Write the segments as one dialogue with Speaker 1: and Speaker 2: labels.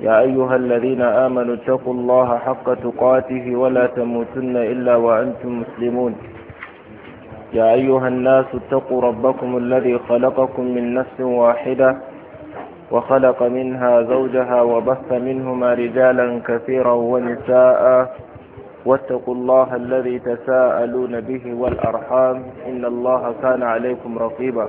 Speaker 1: يا أيها الذين آمنوا اتقوا الله حق تقاته ولا تموتن إلا وأنتم مسلمون يا أيها الناس اتقوا ربكم الذي خلقكم من نفس واحدة وخلق منها زوجها وبث منهما رجالا كثيرا ونساء واتقوا الله الذي تساءلون به والأرحام إن الله كان عليكم رقيبا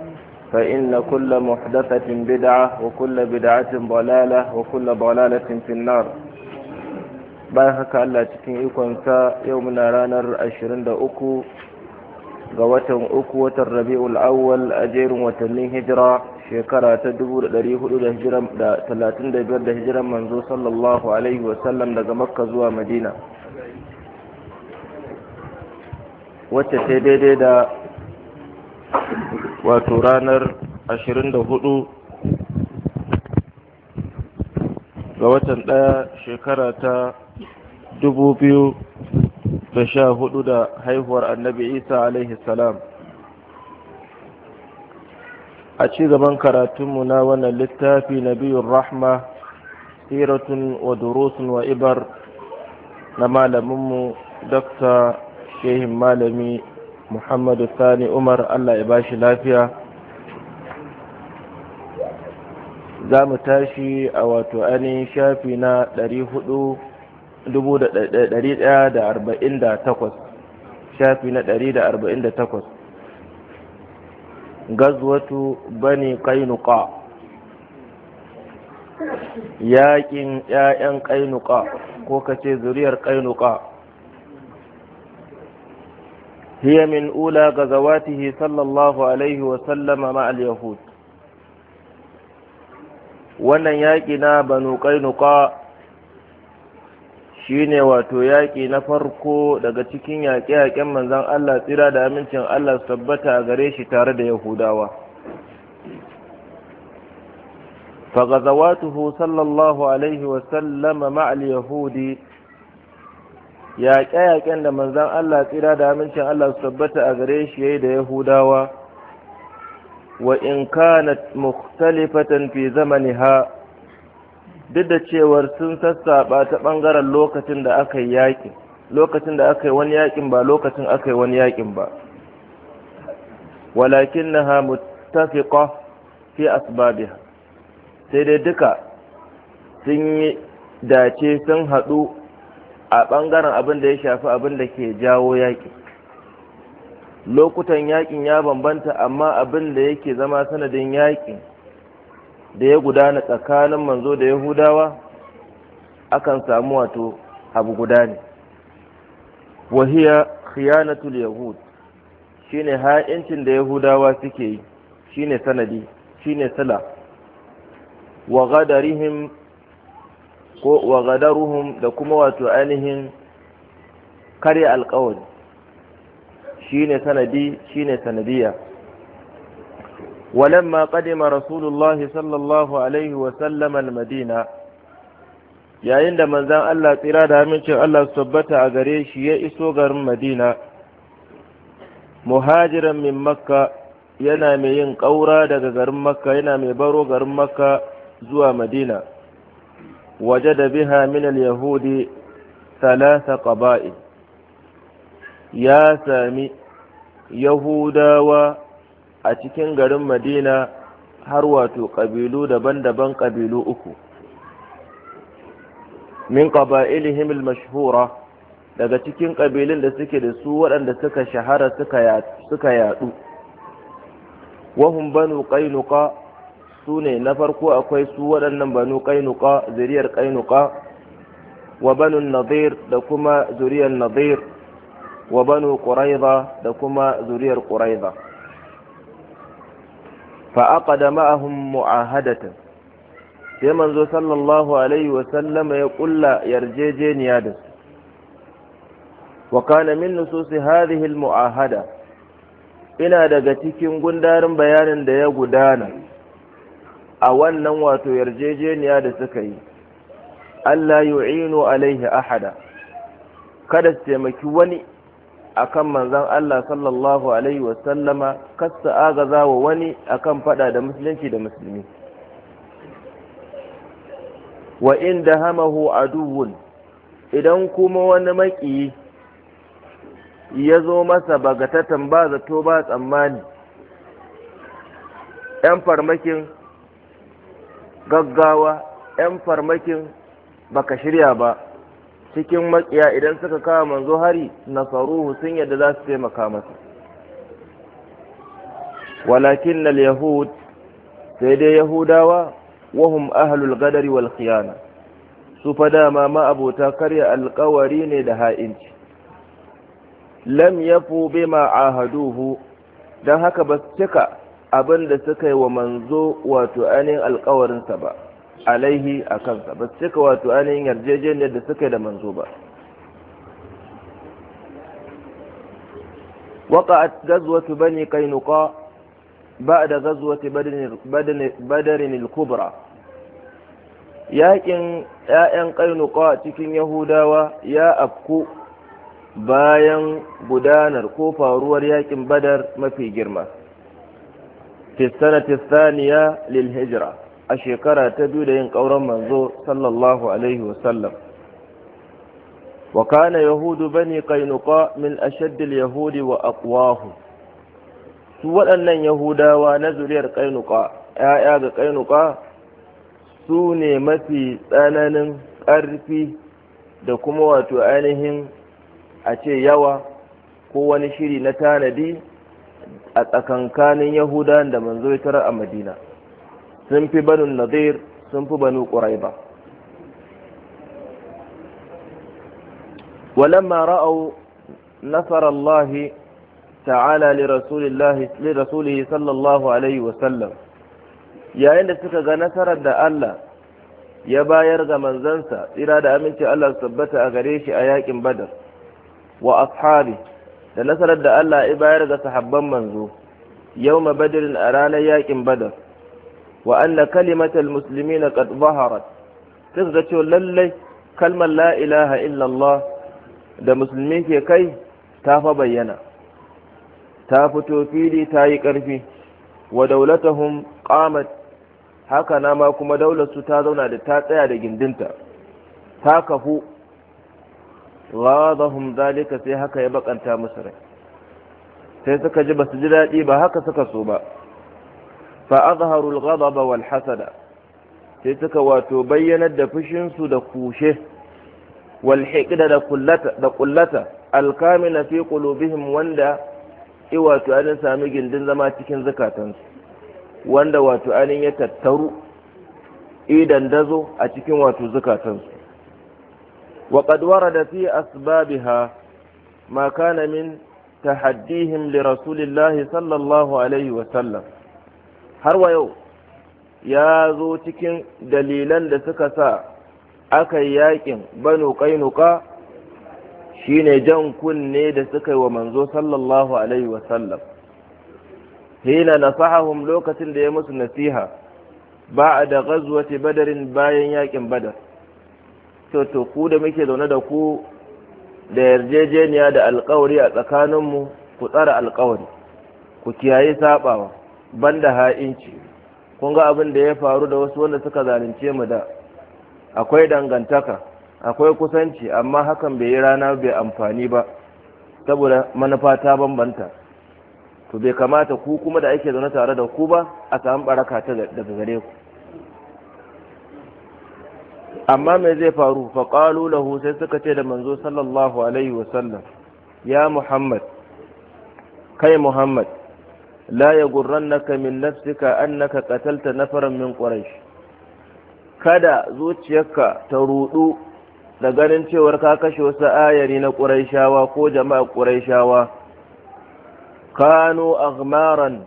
Speaker 1: فإن كل محدثة bida'a وكل بدعة ضلالة وكل ضلالة في النار bayan haka Allah cikin ikonsa yau muna ranar 23 ga watan uku watan rabi'ul awwal a jerin watannin hijira shekara ta 1435 da hijiran manzo sallallahu alaihi wasallam daga makka zuwa madina wacce sai daidai da wato ranar 24 ga watan ɗaya shekara ta 2014 da haihuwar annabi isa alaihi salam a ci gaban karatunmu na wannan littafi na biyun rahma siratun wa durusun wa ibar na malaminmu dr shehin malami muhammadu sani umar allah ya bashi lafiya za mu tashi a wato ainihin shafi na 448 shafi na 148 gazwatu bani kainuka Yakin 'ya'yan kainuka ko kace zuriyar kainuka هي من أولى غزواته صلى الله عليه وسلم مع اليهود wannan yaƙi na banu ƙainuka shi ne wato yaƙi na farko daga cikin yaƙe-yaƙen manzan Allah tsira da amincin Allah su tabbata a gare shi tare da Yahudawa. فغزواته صلى الله عليه وسلم ma'al Yahudi. yaƙe-yaƙen da manzan Allah tsira da amincin Allah su tabbata a gare shi yayi da Yahudawa wa in kanat mukhtalifatan fi zamaniha duk da cewar sun sassaɓa ta bangaren lokacin da aka yi yaƙin lokacin da aka yi wani yaƙin ba lokacin aka yi wani yaƙin ba walakinnaha muttafiqa fi asbabiha sai dai duka sun yi dace sun haɗu a ɓangaren abin da ya shafi abin da ke jawo yaƙi lokutan yaƙin ya bambanta amma abin da yake zama sanadin yaƙin da ya gudana tsakanin manzo da yahudawa akan samu wato abu guda ne wahiya khiyanatul yahud shine ha'incin da yahudawa suke yi shine sanadi shine sala wa ghadarihim ko wa gadaruhum da kuma wato ainihin karya alkawari shine sanadi shine sanadiya ولما قدم رسول الله صلى الله عليه وسلم المدينة yayin da manzan Allah tsira da amincin Allah su tabbata a gare shi ya iso garin Madina muhajiran min makka yana mai yin ƙaura daga garin makka yana mai baro garin makka zuwa Madina Waje da biha من Yahudi ثلاث قبائل ya sami Yahudawa a cikin garin madina har wato ƙabilu daban-daban ƙabilu uku min ƙaba'ilihim al-mashhura daga cikin ƙabilun da suke da su waɗanda suka shahara suka yaɗu wahum banu qainuqa su ne na farko akwai su waɗannan banu kainuka zuriyar kainuka wa banu nadir da kuma zuriyar nadir wa banu da kuma zuriyar quraiza fa aqada ma'ahum mu'ahadatan sai manzo sallallahu alaihi wa sallama ya ƙulla yarjejeniya da su wa kana min nususi hadhihi mu'ahada ina daga cikin gundarin bayanin da ya gudana a wannan wato yarjejeniya da suka yi Allah yu'inu alaihi ahada kada su taimaki wani akan manzon Allah sallallahu alaihi wa sallama kasta agaza wa wani akan fada da musulunci da musulmi wa inda hamahu aduwun idan kuma wani maki ya zo masa bagatatan ba zato ba tsammani ‘yan farmakin gaggawa 'yan farmakin baka shirya ba cikin makiya idan suka kawo manzo hari nasaruhu sun yadda za su taimaka masa walakin na yahud sai dai yahudawa wahum ahlul gadari wal khiyana su fa dama ma'abota karya alkawari ne da ha'inci lam yafu bima ahaduhu don haka ba su cika abin da suka yi wa manzo wato ainihin alkawarinsa ba alaihi a kansa ba su cika wato ainihin yarjejeniyar da suka yi da manzo ba waka a وقعت غزوة بني ba بعد غزوة badarin الكبرى yakin ‘ya'yan ƙainuka cikin Yahudawa ya afku bayan gudanar ko faruwar yakin badar mafi girma. fi sanati saniya lil hijra a shekara ta biyu da yin ƙauren manzo sallallahu alaihi wasallam wa kana yahudu bane qainuqa min ashaddil yahudi a aqwahu su waɗannan yahudawa na zuriyar qainuqa ya'ya ga qainuqa su ne mafi tsananin ƙarfi da kuma wato ainihin a ce yawa ko wani shiri na tanadi a tsakankanin yahuda da manzo ya a madina sun fi banu nadir sun fi banu ƙuraiba walamma ra'au nasar allahi ta'ala li rasulihi sallallahu alaihi wasallam yayin da suka ga nasarar da allah ya bayar ga manzansa tsira da aminci allah su tabbata a gare shi a yakin badar wa ashabi da nasarar da Allah ya bayar ga sahabban manzo Yau badrin a ranar yakin badar wa anna kalimatal musulmi na zaharat sai ga cewa lallai kalmar la ilaha illallah da musulmi ke kai ta fa bayyana ta fito fili ta yi ƙarfi wa daulatahum qamat haka na ma kuma daular su ta zauna da ta tsaya da gindinta ta kafu ghadahum zalika sai haka ya bakanta musu rai sai suka ji basu ji daɗi ba haka suka so ba fa azharu al-ghadab wal hasada sai suka wato bayyanar da fushin su da kushe wal hiqda da kullata da kullata al fi qulubihim wanda i wato an sami gindin zama cikin zakatansu wanda wato anin ya tattaru idan dazo a cikin wato zakatansu وقد ورد في أسبابها ما كان من تحديهم لرسول الله صلى الله عليه وسلم har wa yau ya zo cikin dalilan da suka sa aka yi yakin banu kainuka shine jan kunne da suka yi wa manzo sallallahu alaihi wasallam hina nasahahum lokacin da ya musu nasiha ba da ghazwati badarin bayan yakin badar to ku da muke zaune da ku da yarjejeniya da alkawari a tsakaninmu ku tsara alkawari ku kiyaye sabawa banda ha'inci kun ga abin da ya faru da wasu wanda suka zalunce mu da akwai dangantaka akwai kusanci amma hakan bai yi rana bai amfani ba saboda manufa ta bambanta to bai kamata ku kuma da ake zaune tare da ku ba a samu baraka daga gare ku amma me zai faru fa qalu lahu sai suka ce da manzo sallallahu alaihi wasallam ya muhammad kai muhammad la naka min nafsika annaka qatalta nafaran min quraish kada zuciyarka ta rudu da ganin cewar ka kashe wasu ayari na quraishawa ko jama'a quraishawa kanu aghmaran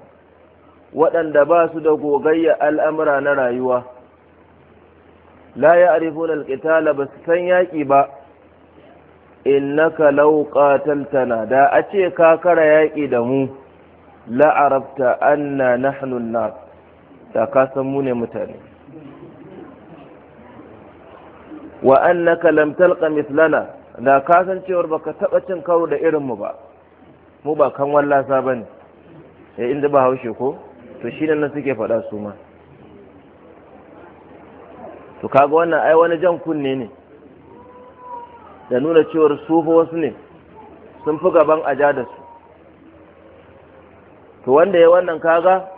Speaker 1: waɗanda ba su da gogayya al'amura na rayuwa la ya'rifuna al ba su san yaƙi ba innaka law qataltana da a ce ka kara yaƙi da mu la arabta anna da ka san mu ne mutane wa annaka lam talqa mithlana da ka san cewar baka taɓa cin karo da irin mu ba mu ba kan wallasa bane eh inda ba haushe ko to shine nan suke faɗa su ma to kaga wannan ai wani jan kunne ne da nuna cewar su wasu ne sun fi gaban aja da su to wanda ya wannan kaga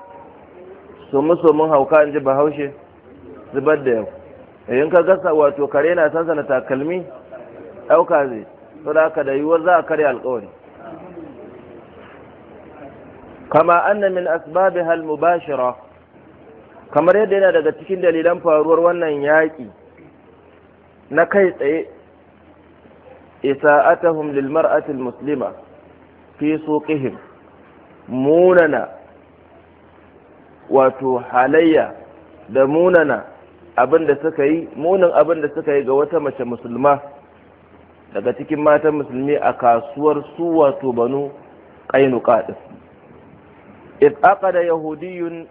Speaker 1: muso mun hauka in ji bahaushe zubar da yau yayin ka gasa wato kare na sansana takalmi ɗauka zai to da haka da yiwuwar za a karya alƙawari. kama anna min asbabi hal mubashira kamar yadda yana daga cikin dalilan faruwar wannan yaƙi na kai tsaye Isa atahun lil atil muslima fi suqihim munana wato halayya da munana abin da suka yi munin abin suka yi ga wata mace musulma daga cikin matan musulmi a kasuwar su wato banu Qainu din id aqada Yahudiyun.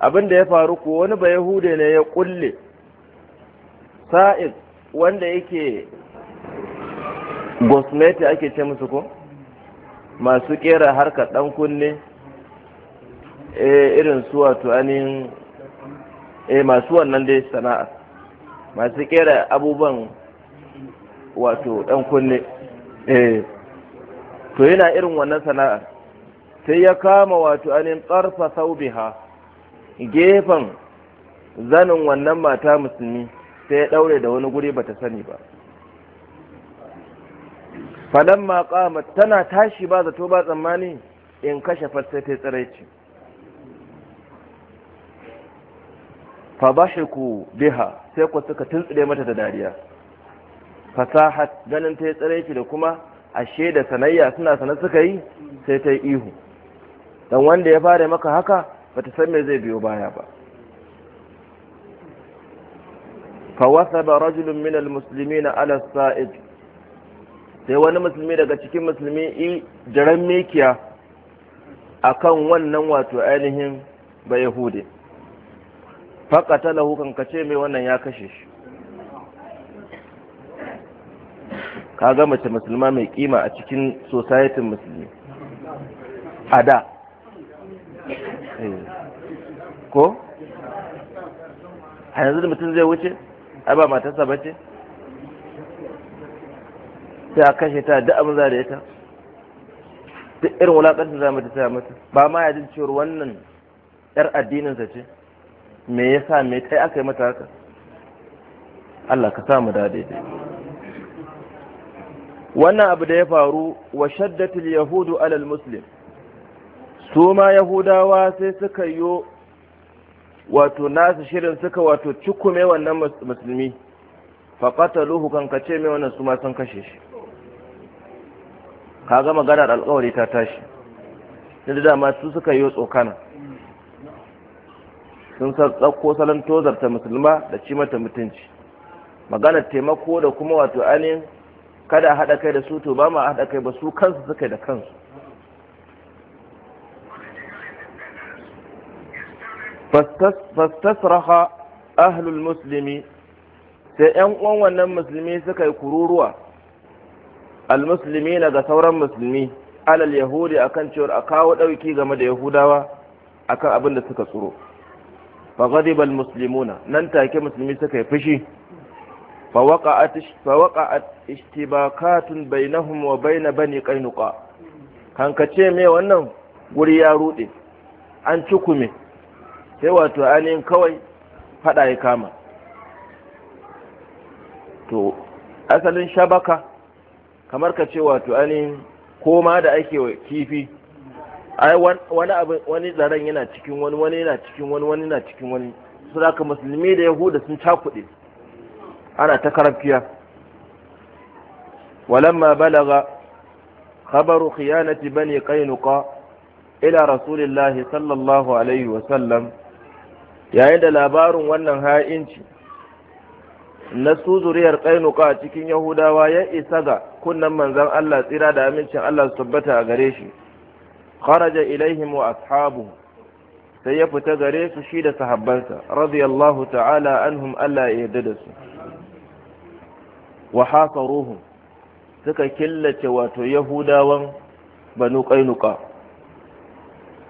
Speaker 1: abin da ya faru ko wani ba yahude ne ya kulle sa'id wanda yake gosmeti ake ce musu ko masu kera harka dan kunne eh, irin su wato anin eh masu wannan dai sana'a masu kera abubuwan wato dan kunne eh to yana irin wannan sana'a sai ya kama wato anin tsarfa saubiha gefen zanin wannan mata musulmi sai ya ɗaure da wani guri bata sani ba fadan ma tana tashi ba zato ba tsammani in kashe sai ta ce fa ku biha sai ku suka tuntsire mata da dariya fasahat ganin ta ce da kuma ashe da sanayya suna sana suka yi sai ta yi ihu dan wanda ya fara maka haka Ba ta san me zai biyo baya ba فوثب rajulun minal المسلمين na said sai wani musulmi daga cikin musulmi i jiran mikiya a kan wannan wato ainihin ba yahude faƙata lahu kace mai wannan ya kashe shi Ka kaga mace musulma mai kima a cikin sosayetin musulmi a da Eh. ko a yanzu da mutum zai wuce A ba matarsa ba ce sai a kashe ta da abin za da ita duk irin wulaƙantar za mu ta mata ba ma ya jin cewar wannan yar addininsa ce me ya sa me kai aka yi mata haka Allah ka samu da daidai wannan abu da ya faru wa shaddatul yahudu alal muslim su ma yahudawa sai suka yi wato nasu shirin suka wato cikume wannan musulmi faƙataluhu kan kace mai wannan su ma sun kashe shi Ka gada maganar alƙawari ta tashi da dama su suka yi tsokana sun sassauko salon tozarta musulma da ci mata mutunci maganar taimako da kuma wato ainihin kada haɗa kai da su to ba ma haɗa kai ba su kansu suka da kansu fastasraha ahlul muslimi sai yan uwan wannan musulmi suka yi kururuwa almusulmi na ga sauran musulmi alal yahudi akan cewar a kawo ɗauki game da yahudawa akan abin da suka tsoro bal المسلمون nan take musulmi suka yi fushi fawaqa'at bai bainahum Baina bane kai nuka. hankace me wannan guri ya rude an cukumi. sai wato ainihin kawai fada ya kama to asalin shabaka kamar ka ce wato ainihin koma da ake wa kifi ai wani abu wani tsaron yana cikin wani wani yana cikin wani wani yana cikin wani su da musulmi da yahuda sun cakuɗe ana ta karafiya walamma balaga khabaru khiyanati bani qainuqa ila rasulillahi sallallahu alaihi wa sallam yayin da labarin wannan ha'inci na su zuriyar kainuka cikin yahudawa ya isa ga kunnan manzan Allah tsira da amincin Allah su tabbata a gare shi kharaja ilaihim wa ashabu sai ya fita gare su shi da sahabbansa radiyallahu ta'ala anhum Allah ya yarda da su wa hasaruhum suka killace wato yahudawan banu kainuka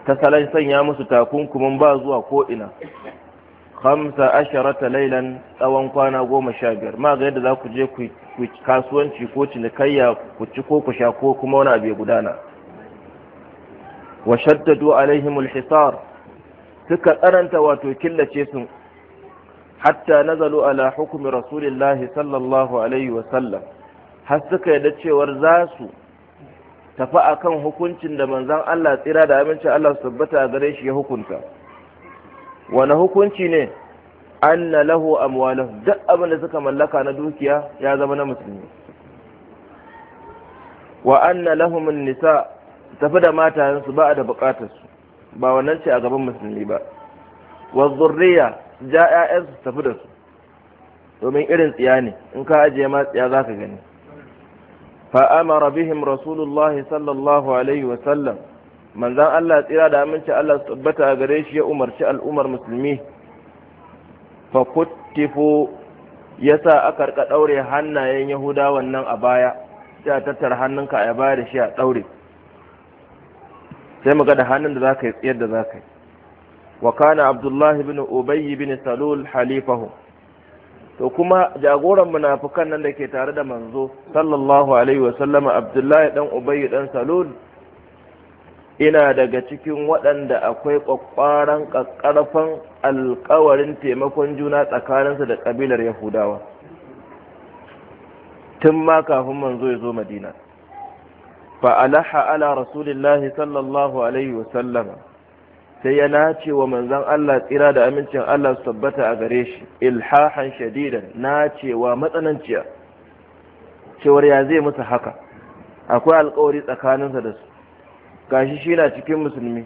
Speaker 1: ta salon sanya musu takunkumin ba zuwa ko'ina hamsa asharata lailan tsawon kwana goma sha biyar ma ga yadda za ku je ku kasuwanci ko cinikayya ku ci ko ku sha ko kuma wani abu gudana wa shaddadu alaihim alhisar suka tsananta wato killace su hatta nazalu ala hukumi rasulillahi sallallahu alaihi wa sallam har suka yadda cewar za su tafi a kan hukuncin da manzon Allah tsira da amincin Allah su tabbata gare shi ya hukunta wani hukunci ne anna a amwalahu duk abin da suka mallaka na dukiya ya zama na musulmi wa laho min nisa tafi da matayensu ba a da bukatarsu su ba wannan ce a gaban musulmi ba wa zurriya ja 'ya'yansu tafi da su domin irin tsiya ne in ka ajiye ma tsiya za ka gani فأمر بهم رسول الله صلى الله عليه وسلم من ذا الله تيرا دا منشي الله ثبت أغريش يا أمر شاء الأمر مسلمي فكتفوا يسا أكر كتوري حنا يهودا ونن أبايا sai a tattara hannunka a baya da shi a ɗaure sai mu ga da hannun da za ka yi tsayar da za ka yi wa kana abdullahi bin ubayyi bin salul halifahu to kuma jagoran munafukan nan da ke tare da manzo sallallahu alaihi wasallama abdullahi dan ubayy dan salul ina daga cikin waɗanda akwai ƙwaƙwaran ƙaƙƙarfan alƙawarin taimakon juna tsakaninsa da ƙabilar yahudawa tun ma kafin manzo ya zo madina alaha ala rasulillahi sallallahu alaihi wasallama sai ya nace wa manzon Allah tsira da amincin Allah su tabbata a gare shi ilhahan shadidan wa matsananciya cewar ya zai musu haka akwai alkawari tsakaninsa da su gashi shi na cikin musulmi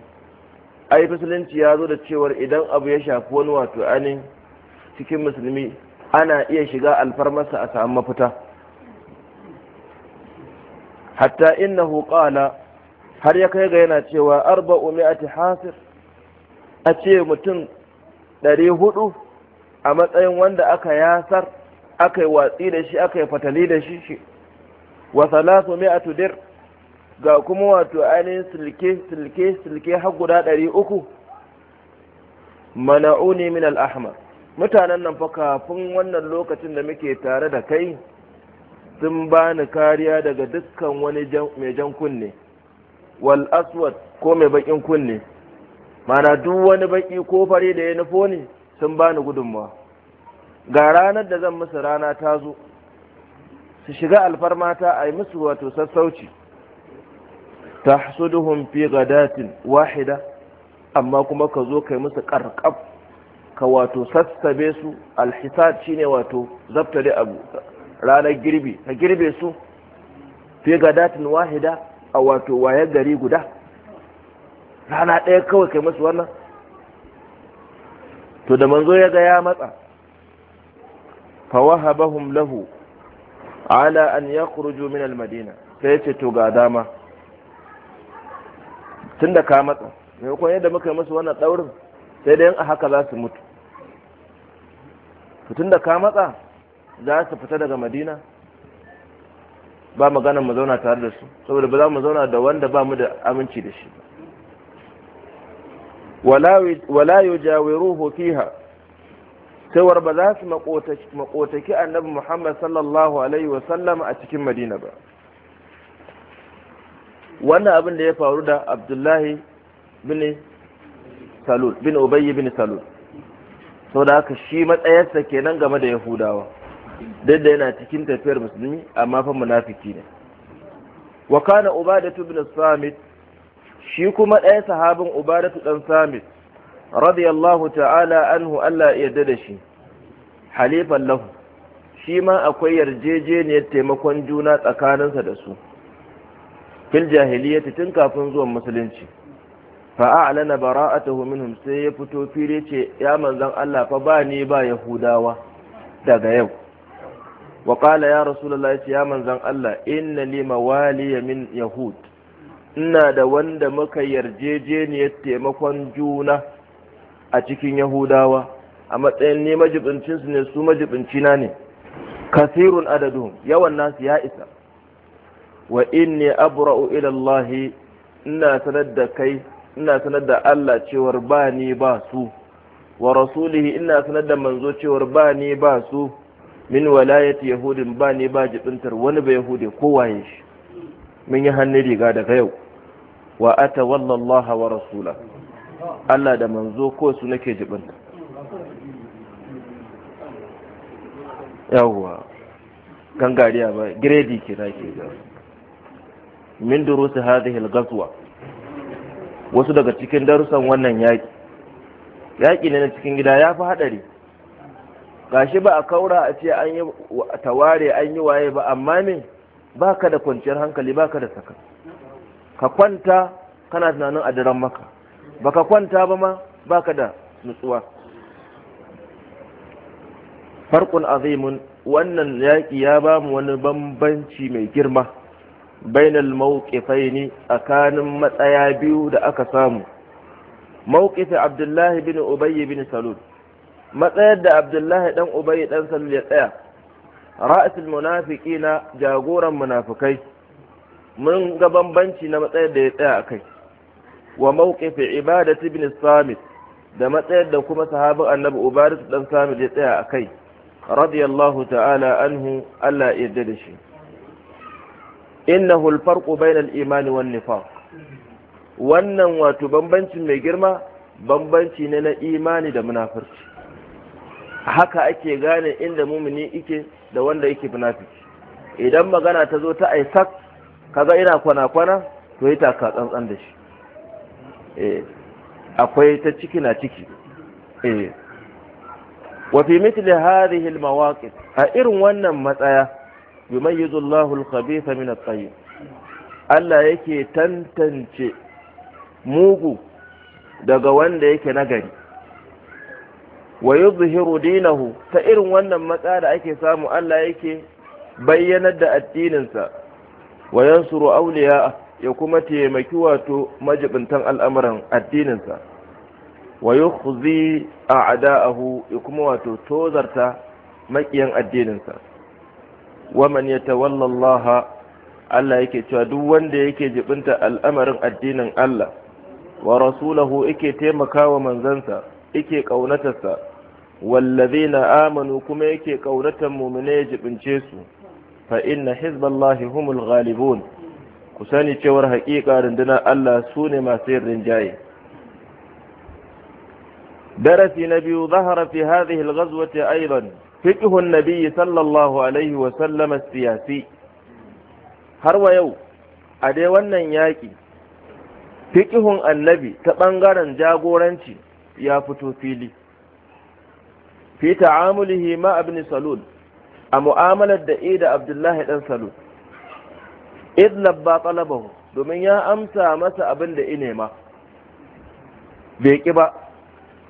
Speaker 1: ai musulunci ya zo da cewar idan abu ya shafi wani wato anin cikin musulmi ana iya shiga alfarmarsa a samu mafita hatta innahu qala har ya kai ga yana cewa arba'u mi'ati hasir a ce mutum ɗari hudu a matsayin wanda aka yasar aka yi watsi da shi aka yi fatali da shi shi wa salasu mai atudir ga kuma wato ainihin silke silke silke har guda ɗari uku mana'uni min al'ahmar mutanen nan fa kafin wannan lokacin da muke tare da kai sun bani kariya daga dukkan wani mai jan kunne wal aswad ko mai bakin kunne mana duk wani baki ko fare da ya nufo ne sun bani gudunmawa ga ranar da zan musu rana ta zo su shiga alfarma ta a yi musu wato sassauci ta hasuduhun fi gadatin wahida amma kuma ka zo kai musu karkab ka wato sassabe su alhisad shine wato zaftare abu ranar girbi ka girbe su fi gadatin wahida a wato waye gari guda rana ɗaya kawai kai masu wannan to da manzo ya ga ya matsa fawahabahum lahu ala an yakhruju min almadina sai ce to ga dama tunda ka matsa maimakon yadda muka yi masu wannan daurin sai dai a haka za su mutu to tunda ka matsa za su fita daga madina ba magana mu zauna tare da su saboda ba za mu zauna da wanda ba mu da aminci da shi ba wala yujawiruhu fiha cewar ba za su makotaki annabi muhammad sallallahu alaihi wasallam a cikin madina ba wannan abin da ya faru da abdullahi bin salul bin ubayy shi matsayarsa kenan game da yahudawa duk da yana cikin tafiyar musulmi amma fa munafiki ne wa kana ubadatu bin samit shi kuma ɗaya sahabin ubaratu ɗan samit radiyallahu ta'ala anhu Allah ya yarda da shi halifan lahu shi ma akwai yarjejeniyar taimakon juna tsakaninsa da su fil jahiliyyati tun kafin zuwan musulunci a'lana bara'atuhu minhum sai ya fito fili ce ya manzon Allah fa ba ni ba yahudawa daga yau wa qala ya rasulullahi ya manzon Allah inna li mawali min yahud ina da wanda muka yarjejeniyar taimakon juna a cikin yahudawa a matsayin ne majibincinsu ne su majibincina ne kasirun adadun yawan nasu ya isa wa inni abra'u ila Allah ina sanar da kai ina sanar da Allah cewar ba ni ba su wa rasulihi ina sanar da manzo cewar ba ni ba su min walayati yahudin ba ni ba jibintar wani ba yahudi ko waye shi mun yi hannun riga daga yau wa ata wallallaha wa rasula Allah da manzo ko su nake jibin yawwa gangariya ba giredi ke nake ga min durusi hadhihi al-ghazwa wasu daga cikin darussan wannan yaki yaki ne na cikin gida ya fi hadari gashi ba a kaura a ce an yi taware an yi waye ba amma ne ba ka da kwanciyar hankali ba ka da saka ka kwanta kana tunanin a daren maka ka kwanta ba ma baka da nutsuwa farkon azimun wannan yaƙi ya ba mu wani bambanci mai girma bainal mawqifai ne tsakanin matsaya biyu da aka samu mawqifin abdullahi bin ubayy bin salud matsayar da abdullahi dan ubayy dan salud ya tsaya ra'asul na jagoran munafukai. mun ga bambanci na matsayar da ya tsaya a kai wa mawqifin ibadati ibn samit da matsayar da kuma sahabin annabi ubadatu dan samit ya tsaya a kai radiyallahu ta'ala anhu Allah ya yarda da shi innahu al-farqu bayna al-iman wan nifaq wannan wato bambanci mai girma bambanci ne na imani da munafurci haka ake gane inda mumini yake da wanda yake munafiki idan magana ta zo ta aisak kaga ina kwana-kwana to yi taka tsantsan da shi eh, akwai ta ciki na ciki eh, wafi mitli hadhihi almawaqif a irin wannan matsaya yumayyizu Allahu al-khabitha min at-tayyib Allah yake tantance mugu daga wanda yake nagari wa yuzhiru dinahu ta irin wannan matsaya da ake samu Allah yake bayyanar da addininsa wa yansuru awliya ya kuma taimaki wato majibintan al'amuran addininsa wa yukhzi a'da'ahu ya kuma wato tozarta makiyan addininsa wa man yatawalla Allah Allah yake cewa duk wanda yake jibinta al'amarin addinin Allah wa rasulahu yake taimakawa manzansa yake kaunatarsa wallazina amanu kuma yake kaunatar mu'mine ya jibince su fa inna hizballahi humul ghalibun ku sani cewar haƙiƙa rundunar Allah su ne masu yin rinjaye darasi na biyu zahara fi hadhihi al-ghazwati aidan fiqhu an-nabi sallallahu alaihi wa sallam siyasi har wa yau a dai wannan yaƙi fiqhun annabi ta ɓangaren jagoranci ya fito fili fi ta'amulihi ma ibn salul a mu'amalar da ida e abdullahi dan salu id labba talabahu domin ya amsa masa abin da ine e ma bai ki ba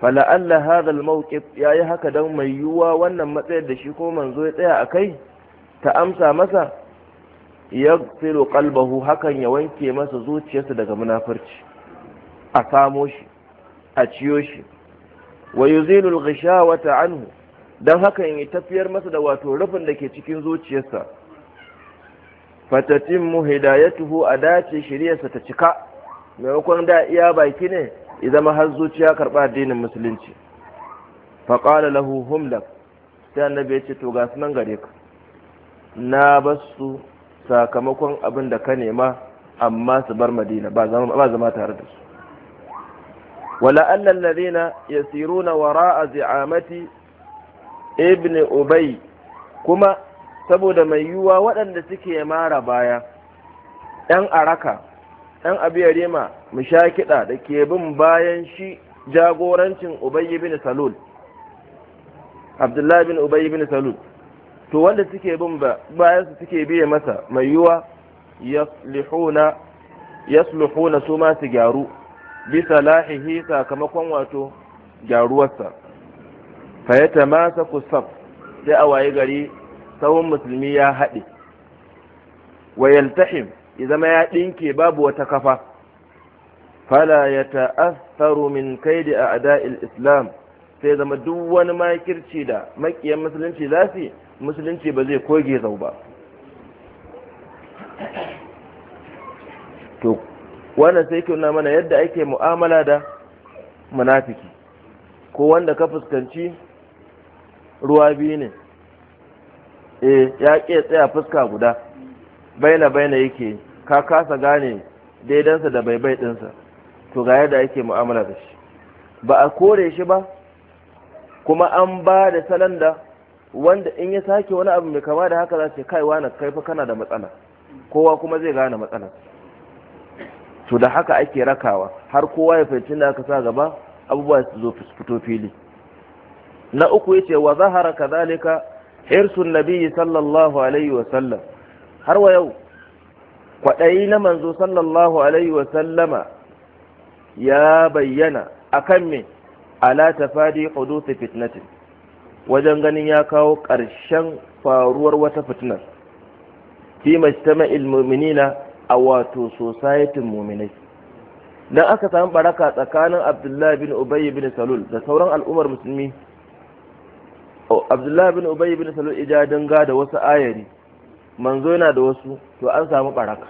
Speaker 1: fala'alla hadha al-mawqif yayi haka dan mai yuwa wannan matsayar da shi ko manzo ya tsaya kai? ta amsa masa yaghsilu qalbahu hakan ya wanke masa zuciyarsa daga munafurci a samo shi a ciyo shi wa yuzilu al-ghishawata anhu don haka in tafiyar masa da wato rufin da ke cikin zuciyarsa fatatin mu hidayatuhu a dace shiryarsa ta cika maimakon da iya baki ne ya zama har zuciya karɓa addinin musulunci faƙala lahu humlak sai annabi ya ce to ga sunan gare ka na basu sakamakon abin da ka nema amma su bar madina ba zama tare da su wala allal ladina yasiruna wara'a zi'amati ibn ubay kuma saboda mai yiwuwa waɗanda suke mara baya ‘yan araka ‘yan abiyarima kiɗa da ke bin bayan shi jagorancin ubay bin salul abdullahi bin ubay bin salul to wanda suke bin bayan su suke biye masa mai yiwuwa yasluhuna su ma su gyaru bisa lahihi sakamakon wato gyaruwarsa fayyata masa kusaf sai a waye gari tsawon musulmi ya haɗe wayaltahim ya zama ya ɗinke babu wata kafa fala ya ta'asaru min kaidi a ada'il islam sai zama duk wani makirci da makiyan musulunci za su musulunci ba zai koge zau ba to wannan sai na mana yadda ake mu'amala da munafiki ko wanda ka fuskanci ruwa biyu ne eh ya ke tsaya fuska guda baina baina yake ka kasa gane daidansa da baibai ɗinsa to ga yadda yake mu'amala da shi ba a kore shi ba kuma an ba da salon da wanda in ya sake wani abu mai kama da haka za ce kai wani kai fa kana da matsala kowa kuma zai gane matsala to da haka ake rakawa har kowa ya fahimci da aka sa gaba abubuwa su zo fito fili na uku yace wa zahara kadhalika hirsun nabiyyi sallallahu alaihi har wa yau kwaɗayi na manzo sallallahu alaihi ya bayyana akan me ala tafadi hudusi fitnatin wajen ganin ya kawo ƙarshen faruwar wata fitnar fi majtama'il mu'minina a wato societin mu'minai dan aka samu baraka tsakanin abdullahi bin ubayy bin salul da sauran al'ummar musulmi Oh, abdullahi bin ubayi bin salul ija dinga da wasu ayari manzo yana da wasu to an samu baraka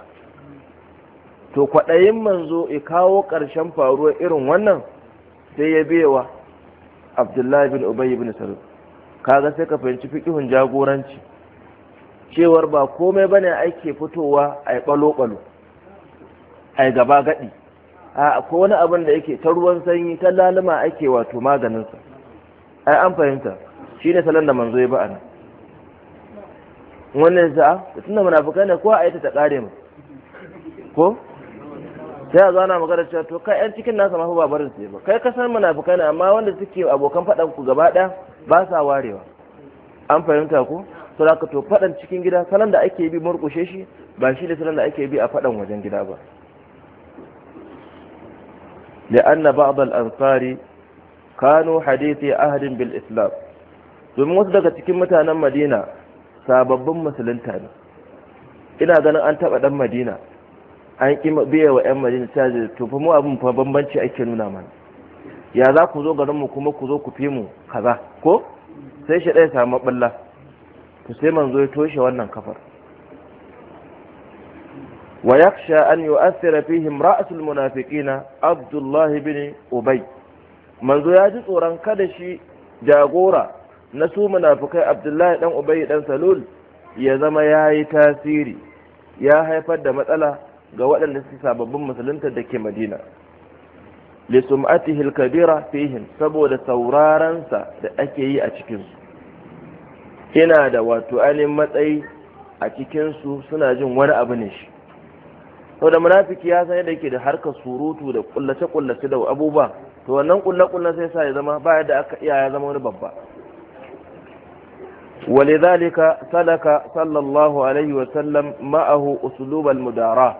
Speaker 1: to kwaɗayin manzo ya kawo ƙarshen faruwar irin wannan sai ya wa abdullahi bin ubayi bin salul kaga sai ka fahimci fikihun jagoranci cewar ba komai bane ake fitowa a ɓalo-ɓalo a gaba gadi a ko wani abin da yake ta ruwan sanyi ta laluma ake wato maganinsa ai an fahimta shi ne salon da manzo ya ba a nan wannan a? da ah, tunda munafukai ne ko a ta kare mu ko sai a zana magana cewa to kai yan cikin nasa mafi babarin su ba kai ka san munafukai ne amma wanda suke abokan faɗan ku gaba ɗaya ba sa warewa an fahimta ko to da to faɗan cikin gida salon da ake bi murƙushe shi ba shi da salon da ake bi a faɗan wajen gida ba لأن بعض الأنصار كانوا حديثي أهل بالإسلام domin wasu daga cikin mutanen madina sababbin musulunta ne ina ganin an taba ɗan madina an ƙi biya wa 'yan madina caji ce to fa mu abin fa bambanci ake nuna mana ya za ku zo garin mu kuma ku zo ku fi mu kaza ko sai shi ɗaya samu ɓalla to sai manzo ya toshe wannan kafar wa yakhsha an yu'athira fihim ra'sul munafiqina abdullahi bin ubay manzo ya ji tsoron kada shi jagora na su munafukai abdullahi dan ubayi dan salul ya zama ya yi tasiri ya haifar da matsala ga waɗanda su sababbin musulunta da ke madina lisum'atihil kabira fihim saboda saurarensa da ake yi a cikinsu Ina da wato ainihin matsayi a cikinsu suna jin wani abu ne shi da munafiki ya san da yake da harkar surutu da kullace-kullace da abubuwa to wannan kulle-kulle sai sa ya zama ba da aka iya ya zama wani babba ولذلك sadaka صلى الله عليه وسلم معه أسلوب المداراة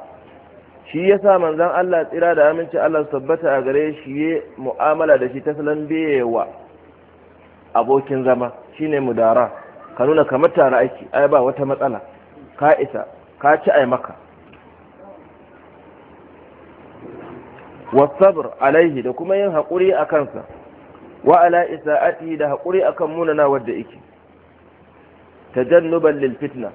Speaker 1: shi yasa manzon Allah tsira da aminci Allah tabbata a gare shi ya mu'amala da shi ta salon wa abokin zama shine mudara ka nuna kamar tare aiki ai ba wata matsala ka isa ka ci ai maka wasabr alaihi da kuma yin haƙuri a kansa wa ala isa'ati da haƙuri akan munana wadda yake tajannuban lil fitna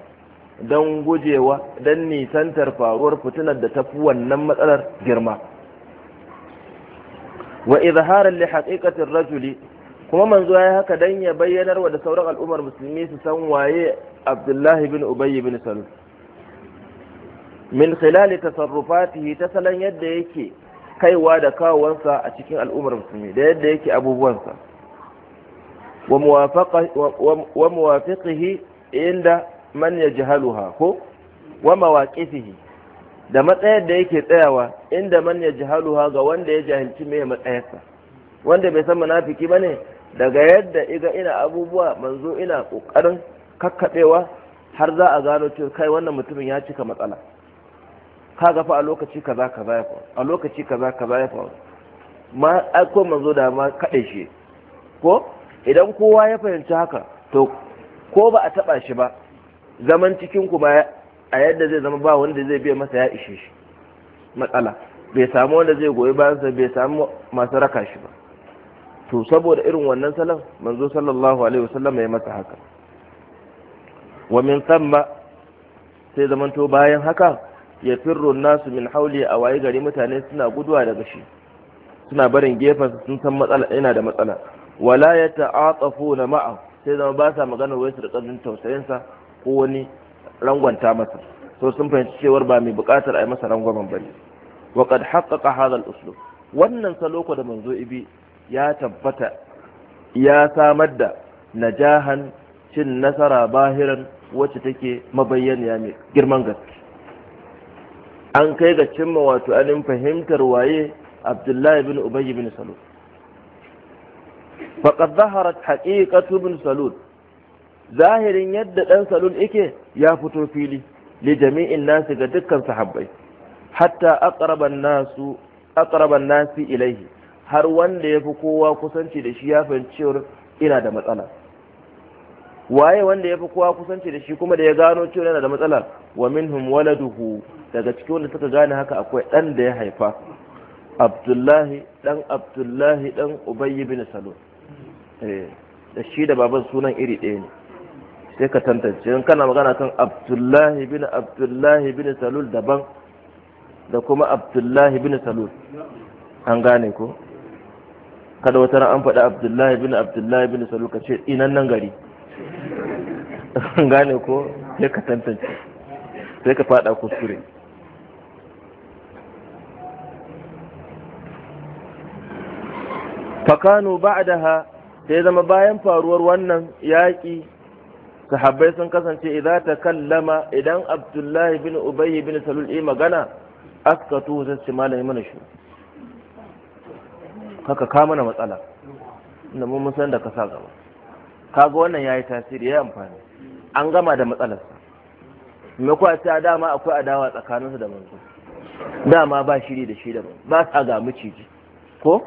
Speaker 1: don gujewa don nisantar faruwar fitinar da tafi wannan matsalar girma wa izharan li haqiqatir rajuli kuma manzo yayi haka dan ya bayyanar wa da sauran al'ummar musulmi su san waye Abdullahi bin Ubay bin Salul min khilali tasarrufatihi ta salon yadda yake kaiwa da kawowansa a cikin al'ummar musulmi da yadda yake abubuwansa wa muwafiqihi inda man yajhaluha ko wa mawaqifihi da matsayar da yake tsayawa inda man yajhaluha ga wanda ya jahilci me matsayarsa wanda bai san munafiki bane daga yadda iga ina abubuwa manzo ina kokarin kakkabewa har za a gano cewa kai wannan mutumin ya cika matsala kaga fa a lokaci kaza kaza ya faru a lokaci kaza kaza ya faru ma ai manzo da ma kade shi ko idan kowa ya fahimci haka to ko ba a taba shi ba zaman cikin ku ba a yadda zai zama ba wanda zai biya masa ya ishe shi matsala bai samu wanda zai goyi sa bai samu masu raka shi ba to saboda irin wannan salon manzo sallallahu alaihi wasallam ya masa haka wa min thamma sai zamanto bayan haka ya firru nasu min hauli a waye gari mutane suna guduwa daga shi suna barin gefen sun san matsala yana da matsala wala ya ta'atafu na ma'a sai zama ba sa magana wai su tausayinsa ko wani rangwanta masa to sun fahimci cewar ba mai buƙatar a yi masa rangwamen ba ne wa qad haqqaqa hadha al wannan saloko da manzo ibi ya tabbata ya samar da najahan cin nasara bahiran wacce take mabayyaniya mai girman gaske an kai ga cimma wato anin fahimtar waye abdullahi bin ubayy bin salul Faƙar zaharat haqiqatu ibn salul zahirin yadda ɗan salul yake ya fito fili li jami'in nasi ga dukkan sahabbai hatta aqraban nasu ilaihi har wanda fi kowa kusanci da shi ya fahimci ina da matsala waye wanda fi kowa kusanci da shi kuma da ya gano cewa yana da matsala wa minhum waladuhu daga cikin wanda suka gane haka akwai dan da ya haifa abdullahi dan abdullahi dan ubayy bin salul Eh, da shi da baban sunan iri ɗaya ne sai ka tantance in kana magana kan abdullahi bin abdullahi bin salul daban da kuma abdullahi bin salul an gane ko kada wata an faɗi abdullahi bin abdullahi bin salul ka ce inan nan gari an gane ko sai ka tantance sai ka faɗa kuskure fakanu ba'daha sai zama bayan faruwar wannan yaƙi sahabbai sun kasance idan ta kallama idan abdullahi bin ubayi bin salul yi magana askatu sai ce malami mana shi kaka kama na matsala inda mun san da kasa gaba kaga wannan ya yi tasiri ya yi amfani an gama da matsalar me kuwa a dama akwai adawa tsakaninsu da manzo dama ba shiri da shi da ba sa ga miciji ko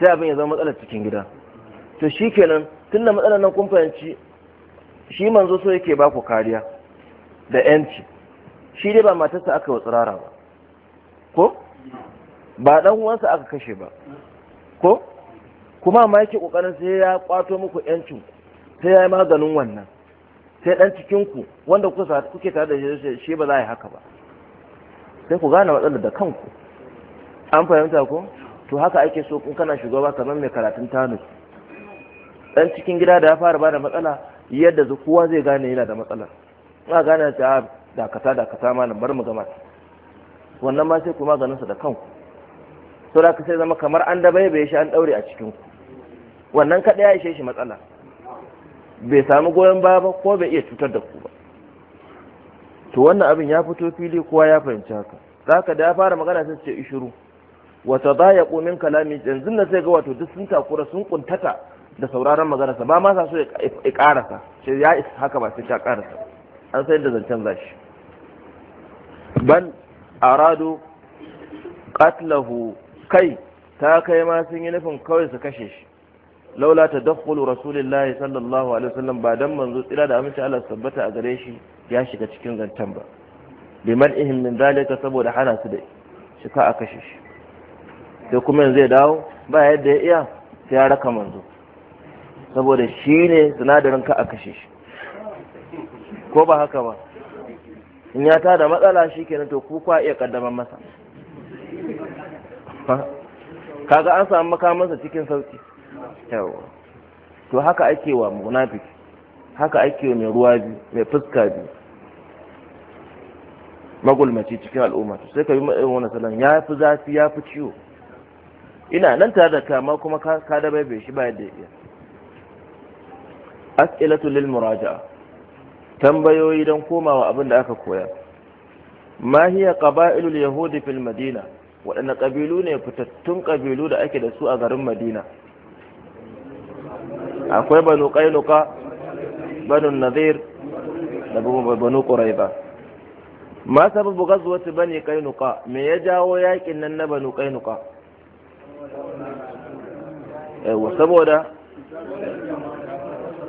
Speaker 1: sai abin ya zama matsalar cikin gida to shi kenan tun da matsalar nan kun shi manzo so yake ba ku kariya da yanci shi dai ba matarsa aka yi tsirara ba ko ba dan uwansa aka kashe ba ko kuma ma yake kokarin sai ya kwato muku yancin sai ya yi maganin wannan sai dan cikinku wanda kuke tare da shi ba za a yi haka ba sai ku gane matsalar da kanku an fahimta ko to haka ake so kun kana shugaba kamar mai karatun tanus
Speaker 2: dan cikin gida da
Speaker 1: ya fara ba da matsala yadda kowa zai gane yana da matsala ma gane ta dakata dakata malam bar mu gama wannan ma sai ku ganin sa da kanku to da sai zama kamar an dabaibaye shi an daure a cikin ku wannan kada ya ishe shi matsala bai samu goyon baya ba ko bai iya cutar da ku ba to wannan abin ya fito fili kowa ya fahimci haka zaka da ya fara magana sai ce ishuru wa tadayaqu min kalami yanzu na sai ga wato duk sun takura sun kuntata da sauraron maganarsa ba ma sa so ya karasa sai ya isa haka ba sai ta karasa an sai da zancen zashi bal aradu qatlahu kai ta kai ma sun yi nufin kawai su kashe shi laula tadakhulu rasulillahi sallallahu alaihi wasallam ba dan manzo tsira da amince Allah tabbata a gare shi ya shiga cikin zancen ba liman ihim min dalika saboda hana su da shi ka a kashe shi sai kuma yanzu ya dawo ba yadda ya iya sai ya raka manzo saboda shi ne sinadarin ka a kashe shi ko ba haka ba in ya tada matsala shi kenan to ku kwa iya kaddamar masa kaga an samu makamansa cikin sauki yawa to haka ake wa munafik haka ake wa mai ruwa biyu mai fuska biyu magulmaci cikin al'umma to sai ka bi irin wani salon ya fi zafi ya fi ciwo ina nan tare da kama kuma ka da bai shi ba yadda ya as'ilatu lil muraja'a tambayoyi don komawa abin da aka koya ma hiya qaba'ilul yahudi fil madina waɗanne ƙabilu ne fitattun ƙabilu da ake da su a garin madina akwai banu ƙainuka banu nadir da banu ƙuraiba ma sababu gazuwatu bani ƙainuka me ya jawo yakin nan na banu
Speaker 2: eh wa saboda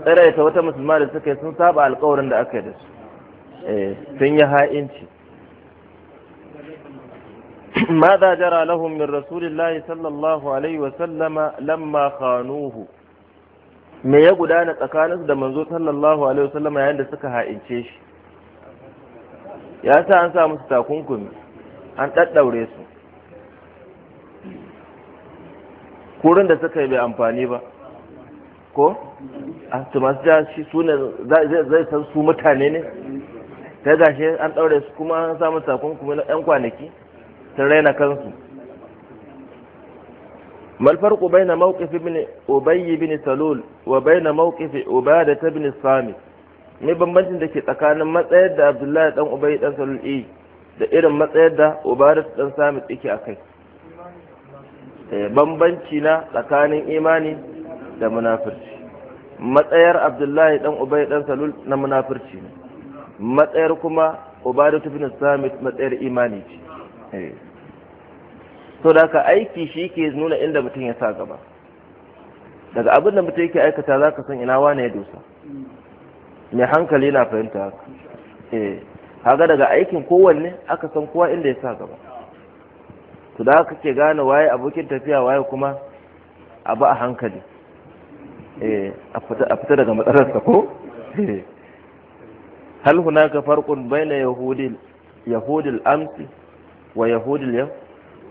Speaker 1: tsaraita wata musulma da suka yi sun saba alkawarin da aka yi da su eh, sun yi ha'inci ماذا جرى jara lahun min الله صلى الله عليه lamma لما me ya gudana tsakaninsu da manzo sallallahu alaihi wasallama yayin da suka ha'ince shi ya sa an sa musu takunkumi an ɗaɗɗaure su kurin da suka yi bai amfani ba ko a to masu ja shi su ne zai san su mutane ne ta shi an ɗaure su kuma an samu sakon kuma na 'yan kwanaki ta raina kansu na ما الفرق بين salul wa bai na سلول وبين da ta بن sami. mai bambancin da ke tsakanin matsayar da Abdullahi dan Ubayy dan Salul e da irin matsayar da ɗan dan Samit yake kai. Eh, bambanci na tsakanin imani da munafirci matsayar abdullahi dan ubay dan salul na munafurci ne matsayar kuma ubadatu bin samit matsayar imani ce to eh. da ka aiki shi ke nuna inda mutum ya sa gaba daga abin da mutum yake aikata za ka san ina wane ya dosa mai hankali na fahimta haka haga eh. daga aikin kowanne aka san kowa inda ya sa gaba to da ka ke gane waye abokin tafiya waye kuma abu a hankali Eh, a fita daga matsalarsa ko eh. hal hunaka farqun baina yahudil yahudil amsi wa yahudil yau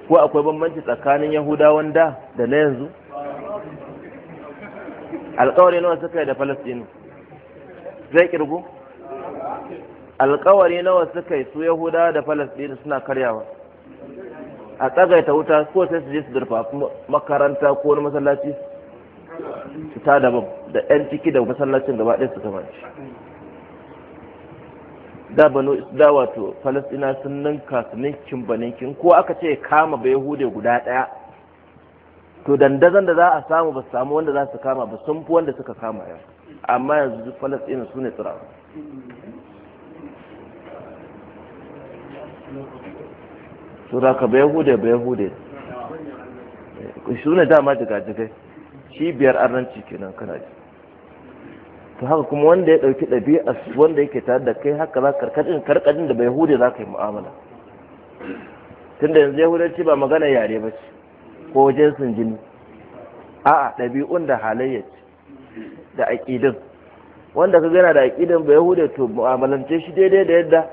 Speaker 1: ko akwai bambanci tsakanin yahudawan da da na yanzu alkawari nawa suka yi da falastinu zai kirgu alkawari nawa suka yi su Yahuda da falastinu suna karyawa a tsagaita wuta ko sai su je su durfa makaranta ko wani masallaci fita da da yan ciki da masallacin gaba ɗaya su kama shi da bano da wato falastina sun ninka su ninkin ba ninkin ko aka ce kama ba yahude guda ɗaya to dandazon da za a samu ba samu wanda za su kama ba sun fi wanda suka kama yau amma yanzu falastina su ne tsirawa
Speaker 2: su ka ba yahude ba yahude
Speaker 1: su ne dama jigajigai cibiyar arnanci kenan kana ji to haka kuma wanda ya ɗauki ɗabi'a wanda yake tare da kai haka za karkadin karkadin da bai hude za ka yi mu'amala tunda yanzu yahudanci ba magana yare ba ce ko wajen sun jini a'a ɗabi'un da halayya ce da aƙidin wanda ka gana da aƙidin ba yahuda to mu'amalance shi daidai da yadda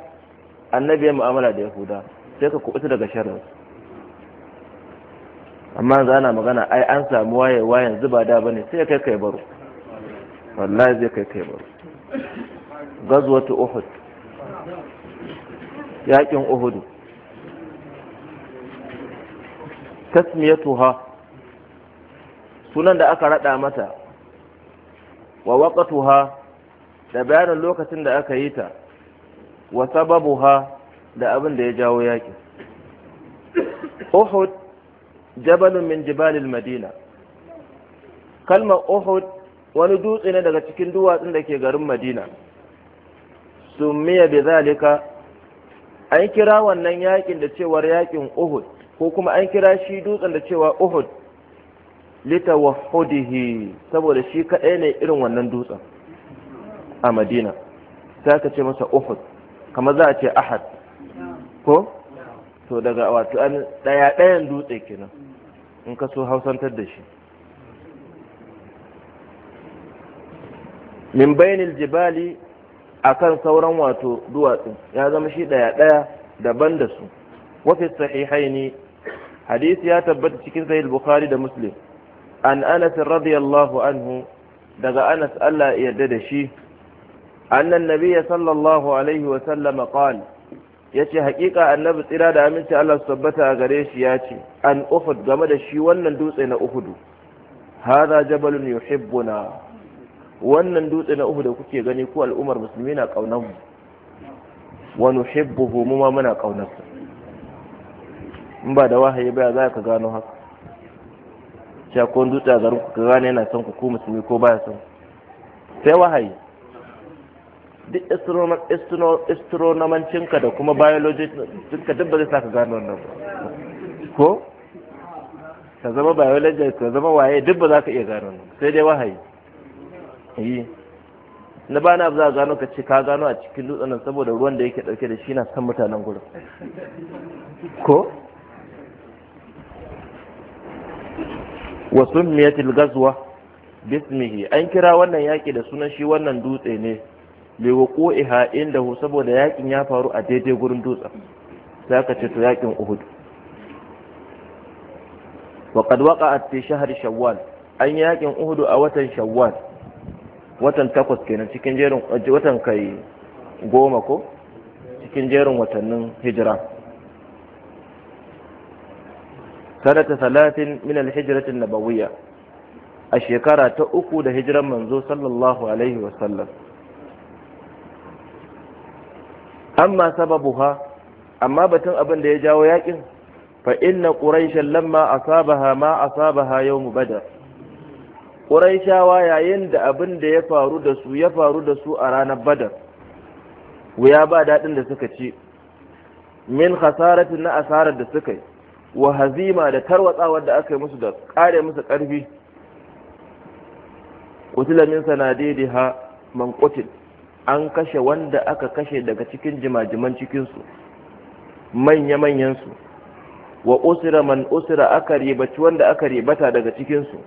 Speaker 1: annabi ya mu'amala da yahuda sai ka kuɓuta daga sharrinsu amma yanzu ana magana ai an samu wayewa yanzu ba da ba ne sai kai kai baro wallahi zai kai kai baro gazwatu uhud yakin uhud tasmiyatuha sunan da aka rada mata wa waqtuha da bayanin lokacin da aka yi ta wa sababuha da abin da ya jawo yakin uhud jabalu min jibalil madina kalmar uhud wani dutse ne daga cikin duwatsun da ke garin madina sumiya bi zalika an kira wannan yakin da cewar yakin uhud ko kuma an kira shi dutsen da cewa uhud litawahhudihi saboda shi kaɗai ne irin wannan dutsen a madina sai ka ce masa uhud kamar za a ce ahad ko to daga wato an ɗaya ɗayan dutse kenan in ka so hausantar da shi min bainil jibali akan sauran wato duwatsu ya zama shi daya daya daban da su wafi ne hadisi ya tabbata cikin sahih bukhari da muslim an anas radiyallahu anhu daga anas Allah ya yarda da shi annan nabiyya sallallahu alaihi wa sallama qala ya ce haƙiƙa annabi tsira da aminci Allah su tabbata a gare shi ya ce an uhud game da shi wannan dutse na uhudu hada jabalun yuhibbuna wannan dutse na uhudu kuke gani ku al'ummar musulmi na ƙaunar mu wa nuhibbuhu mu ma muna kaunar sa in ba da wahayi ba za ka gano haka cewa ko dutse a garin ku ka gane yana son ku ko musulmi ko baya son sai wahayi duk astronomancinka da kuma biologicinka duk ba zai sa ka gano wannan ba, ko ka zama biologist ka zama waye duk ba za ka iya gano wannan sai dai wahayi yi na bana za a gano ka ce ka gano a cikin dutsen nan saboda ruwan da yake dauke da shi na san mutanen gurin ko wasu miyatil gazuwa bismihi an kira wannan yaki da sunan shi wannan dutse ne liwuqu'iha hu saboda yakin ya faru a daidai gurin dutsen zaka ce to yakin Uhud wa qad waqa'at fi shahr shawwal an yakin Uhud a watan shawwal watan takwas kenan cikin jerin watan kai goma ko cikin jerin watannin hijira sanata talatin min alhijratin nabawiyya a shekara ta uku da hijiran manzo sallallahu alaihi wasallam amma sababu ha, amma batun abin da ya jawo yakin fa inna quraishan lamma asabaha ma asabaha yawm badar quraishawa yayin da abin da ya faru da su ya faru da su a ranar badar wuya ba dadin da suka ci min khasaratin na asarar da suka yi wa hazima da tarwatsawar da aka yi musu da kare musu karfi kutila min sanadidiha man qutil an kashe wanda aka kashe daga cikin jimajiman cikinsu manya-manyansu wa usira man usira aka ribaci wanda aka ribata daga cikinsu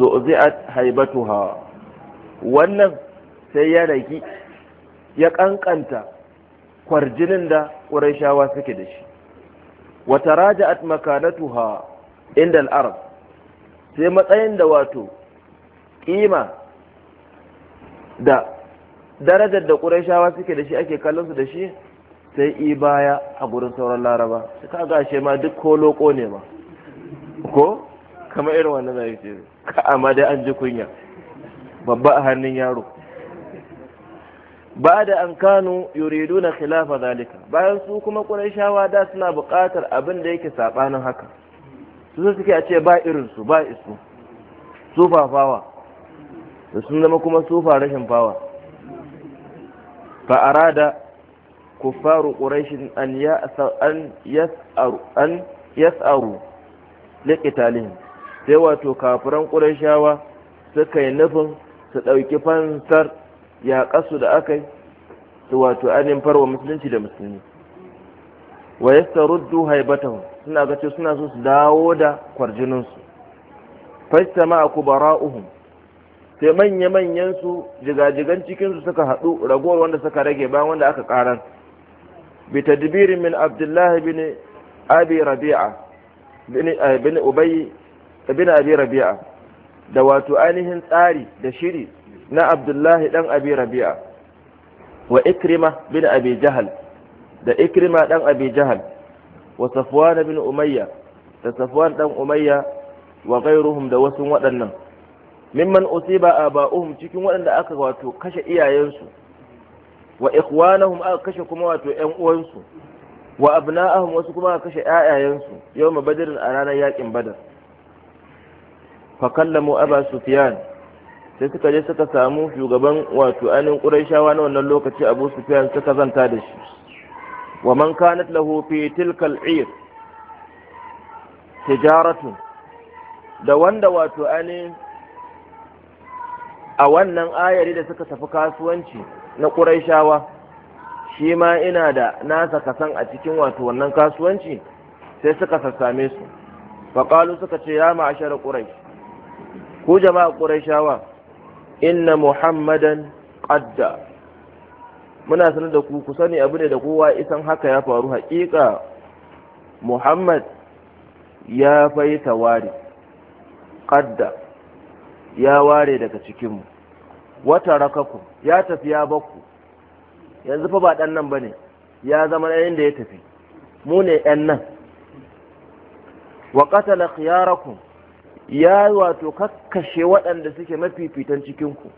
Speaker 1: zo'zi'at haibatuha wannan sai ya ragi ya kankanta kwarjinin da ƙurashawa suke da shi wa taraja'at makanatuha inda al-arab sai matsayin da wato kima da darajar da ƙurashawa suke da shi ake kallon su da shi sai i baya a gurin sauran laraba su ka gashe ma duk ko loko ne ma ko kama irin wannan zai ce ka amma dai an ji kunya babba a hannun yaro ba da an kanu yuridu na khilafa zalika bayan su kuma ƙurashawa da suna buƙatar abin da yake saɓanin haka su suke a ce ba irinsu ba isu su fafawa da sun zama kuma sufa rashin fawa fa arada kufaru quraish an ya'sa an yas'aru an yas'aru li qitalihim sai wato kafiran quraishawa suka yi nufin su ɗauki fansar ya da akai su wato anin farwa musulunci da musulmi wa yastaruddu haybatuhum suna gace suna so su dawo da kwarjinansu fa sama'a kubara'uhum sai manya-manyan su jigajigan cikinsu suka haɗu ragowar wanda suka rage bayan wanda aka ƙaran. bi tadbirin min abdullahi bin abi rabi'a bin eh, ubayi bin abi rabi'a da wato ainihin tsari da shiri na abdullahi dan abi rabi'a wa ikrima bin abi jahal da ikrima dan abi jahal wa safwan bin umayya da safwan dan umayya wa gairuhum da wasu waɗannan mimman usiba aba'uhum cikin waɗanda aka wato kashe iyayensu wa ikhwanahum aka kashe kuma wato ƴan uwansu wa abna'ahum wasu kuma aka kashe ƴaƴayensu yawma badrin a ranar yakin badar fa kallamu aba sufyan sai suka je suka samu shugaban wato anin qurayshawa na wannan lokaci abu sufyan suka zanta da shi wa man kanat lahu fi tilkal al'ir tijaratun da wanda wato anin a wannan ayari da suka tafi kasuwanci na ƙuraishawa shi ma ina da nasa kasan a cikin wato wannan kasuwanci sai suka sassame su faƙalu suka ce ya ma'ashar ƙurai ku jama'a ƙuraishawa inna muhammadan ƙadda muna sanar da ku ku sani abu ne da kowa isan haka ya faru haƙiƙa muhammad ya fai tawari ƙadda ya ware daga cikinmu wata rakaku ya tafi ya bakku yanzu fa ba ɗan nan ba ya zama ɗayan da ya tafi mu ne ɗan nan wa qatala khiyarakum ya wato kakkashe waɗanda suke mafifitan cikinku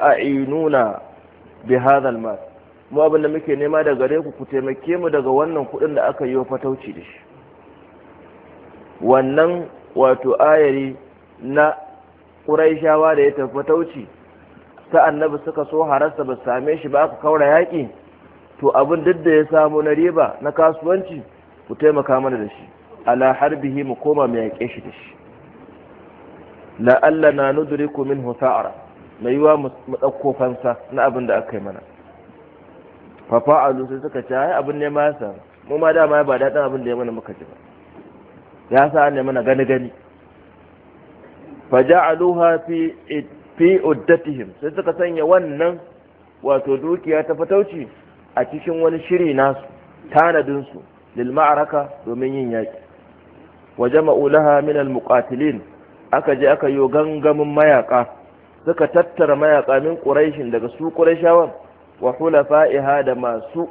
Speaker 1: a'inuna bi hadhal mal mu abin da muke nema da gare ku ku taimake mu daga wannan kuɗin da aka yi wa fatauci da shi wannan wato ayari na ƙuraishawa da ya tafi tauci ta annabi suka so hararsa ba same shi ba aka kaura yaƙi to abin duk da ya samu na riba na kasuwanci ku taimaka mana da shi ala harbihi mu koma mu yaƙe shi da shi la'alla na nudriku min husa'ara mai yiwa mu ɗauko fansa na abin da aka yi mana fafa alu sai suka ce ai abin ne ma ya samu mu ma dama ba daɗin abin da ya mana muka ji ba ya sa ne mana gani gani faja'aluha fi fi uddatihim sai suka sanya wannan wato dukiya ta fatauci a cikin wani shiri nasu tanadinsu, su lil ma'araka domin yin yaki wa jama'u laha min al muqatilin aka je aka yo gangamin mayaka suka tattara mayaka min quraishin daga su quraishawan wa hulafa'iha da masu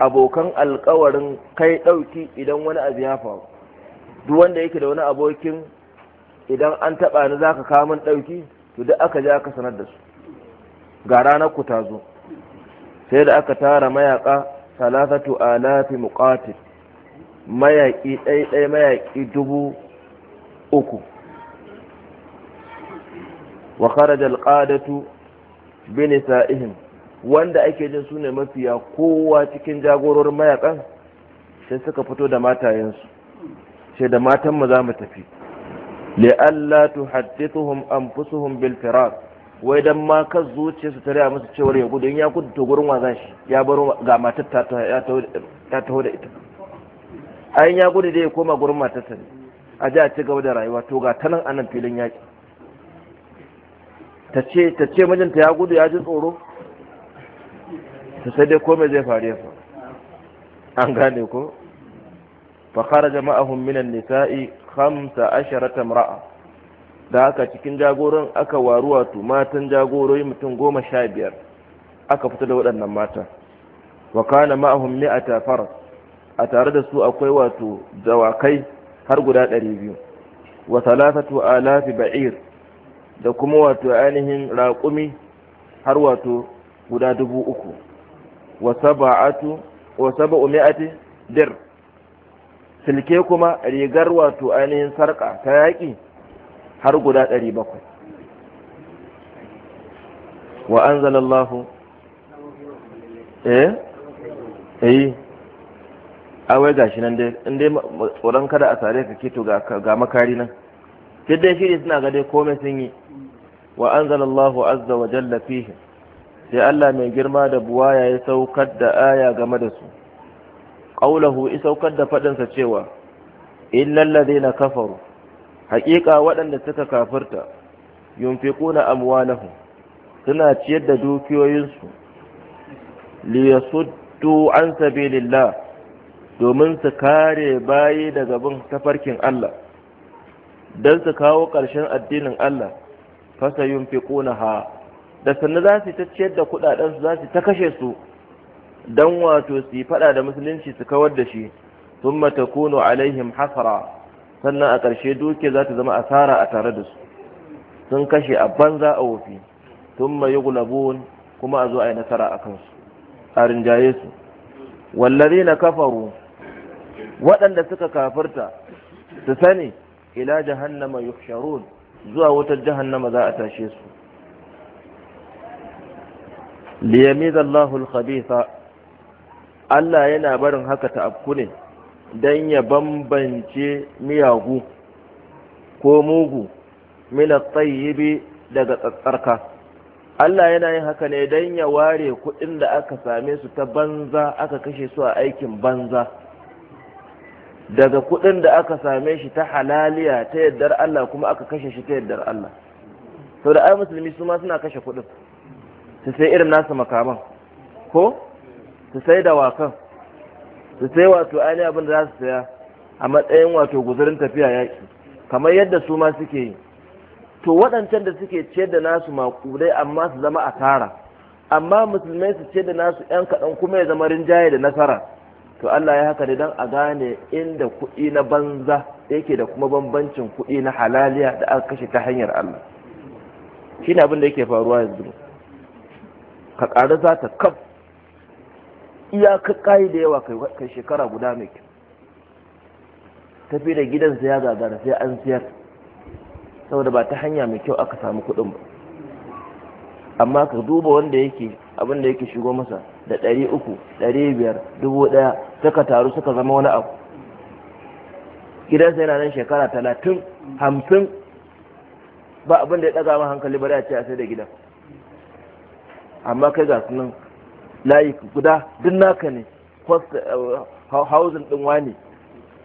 Speaker 1: abokan alƙawarin kai ɗauki idan wani abu ya faru duk wanda yake da wani abokin idan an taɓa ni za ka kawo min ɗauki to duk aka je aka sanar da su ga ranar ku ta zo sai da aka tara mayaka salasatu alafi muqatil mayaƙi ɗaiɗai mayaki dubu uku wa kharaja alqadatu bi nisa'ihim wanda ake jin sune mafiya kowa cikin jagororin mayakan sai suka fito da matayensu ce da matan mu za mu tafi li'alla tuhaddithuhum anfusuhum bil firaq wai dan ma ka zuciya su tare musu cewar ya gudu in ya gudu to gurin waza shi ya baro ga matar ta ta taho da ita ai ya gudu dai ya koma gurin matar ta ne a ji a ci gaba da rayuwa to ga ta nan anan filin yaki ta ce ta ce mijinta ya gudu ya ji tsoro ta sai dai komai zai faru ya faru an gane ko فخرج معهم من النساء خمس عشرة امرأة da haka cikin jagoran aka waru wato matan jagorori mutum goma sha biyar aka fita da waɗannan mata wa kana ma'ahum mi'ata faras a tare da su akwai wato dawakai har guda ɗari biyu wa talafatu alafi ba'ir da kuma wato ainihin raƙumi har wato guda dubu uku wa saba'atu wa saba'u mi'ati dir silke kuma rigar wato ainihin sarƙa ta yaƙi har guda ɗari bakwai wa an zalallahu eh eh awai gashi nan dai in dai tsoron kada a tare ka keto ga makari nan duk dai shi suna ga dai komai sun yi wa an zalallahu azza wa jalla fihi sai Allah mai girma da buwaya ya saukar da aya game da su Aulahu isaukar da fadin sa cewa illal ladina kafaru haƙiƙa waɗanda suka kafirta yunfiquna amwalahum suna ciyar da dukiyoyinsu liyasuddu an sabilillah domin su kare bayi daga bin tafarkin Allah don su kawo ƙarshen addinin Allah fasa yunfiquna ha da sannu za su ta ciyar da kuɗaɗensu za su ta kashe su dan wato su fada da musulunci su kawar da shi mata Kuno alaihim hasara sannan a ƙarshe duke za ta zama asara a tare da su sun kashe a banza a wofi thumma yughlabun kuma a zo a yi nasara a kansu a rinjaye su na kafaru waɗanda suka kafarta su sani ila jahannama yusharun zuwa wutar jahannama za a tashe su liyamiza Allahu Allah yana barin haka ta ne don ya bambance miyagu ko mugu mina bi daga tsatsarka. Allah yana yin haka ne don ya ware kuɗin da aka same su ta banza aka kashe su a aikin banza daga kuɗin da aka same shi ta halaliya ta yardar Allah kuma aka kashe shi ta yardar Allah sau da ai musulmi su ma suna kashe kuɗin su sai irin nasa makaman ko su sai da wakan su sai wato ainihin abin da za su saya a matsayin wato guzurin tafiya yaƙi kamar yadda su ma suke yi to waɗancan da suke ciyar da nasu maƙudai amma su zama a tara amma musulmai su ce da nasu ‘yan kaɗan kuma ya zama rinjaye da nasara to Allah ya haka ne don a gane inda kuɗi na banza yake da kuma bambancin kuɗi na halaliya da aka kashe ta hanyar Allah shi ne abin da yake faruwa yanzu ka ƙaru za ta kaf iyaka kai da yawa kai shekara guda mai kyau tafi da gidansa ya gagara sai an siyar saboda ba ta hanya mai kyau aka samu kuɗin ba amma ka duba wanda yake abin da yake shigo masa da ɗari uku ɗari biyar dubu ɗaya suka taru suka zama wani abu gidansa yana nan shekara talatin hamsin ba abin da ya ɗaga ma hankali ba da ce a sai da gidan amma kai ga sunan layi guda duk naka ne hausin eh, din wani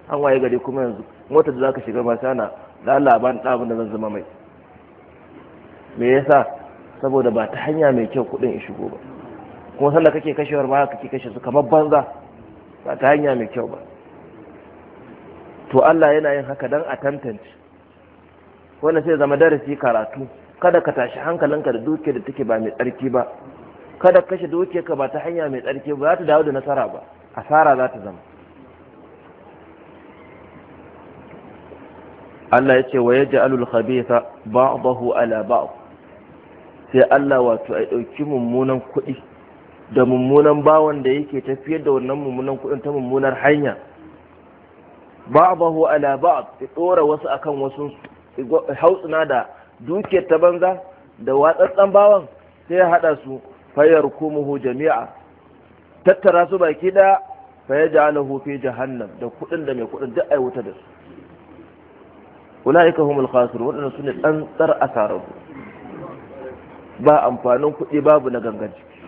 Speaker 1: an waye gari kuma yanzu motar da zaka shiga masu sana da alaban ban ɗabin da zan zama mai me yasa saboda ba ta hanya mai kyau kuɗin ya shigo ba kuma sanda kake kashewar ma kake kashe su kamar banza ba ta hanya mai kyau ba to Allah yana yin haka dan a tantance wannan sai zama darasi karatu kada ka tashi hankalinka da duke da take ba mai tsarki ba kada kashe dukiyarka ba ta hanya mai tsarki ba za ta dawo da nasara ba asara za ta zama Allah ya ce wa ya ji alul khabitha bahu ala ba'd sai Allah wato a ɗauki mummunan kuɗi da mummunan bawan da yake tafiyar da wannan mummunan kuɗin ta mummunar hanya ba'dahu ala ba'd ya ɗora wasu akan wasu hautsuna da dukiyar ta banza da watsattsan bawan sai ya haɗa su fayar kumuhu jami'a tattara su baki ɗaya faya ja alahu fi jahannam da kuɗin da mai kuɗin duk ai wuta da su ulaika humul khasirun waɗanda su ne ɗan tsantsar asarar ba amfanin kuɗi babu na gangan ciki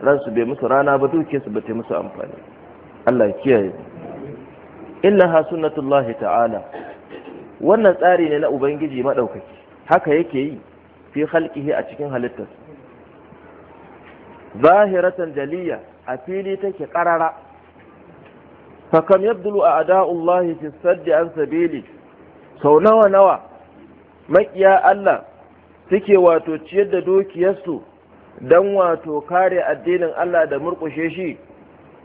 Speaker 1: ransu bai musu rana ba duke su bata musu amfani Allah ya kiyaye innaha sunnatullahi ta'ala wannan tsari ne na ubangiji maɗaukaki. haka yake yi fi khalqihi a cikin halittarsa zahiratan jaliya a fili take karara fakam yabdulu a ada'ullahi fi saddi an sabili sau nawa nawa makiya Allah suke wato ciyar da dukiyarsu don wato kare addinin Allah da murkushe shi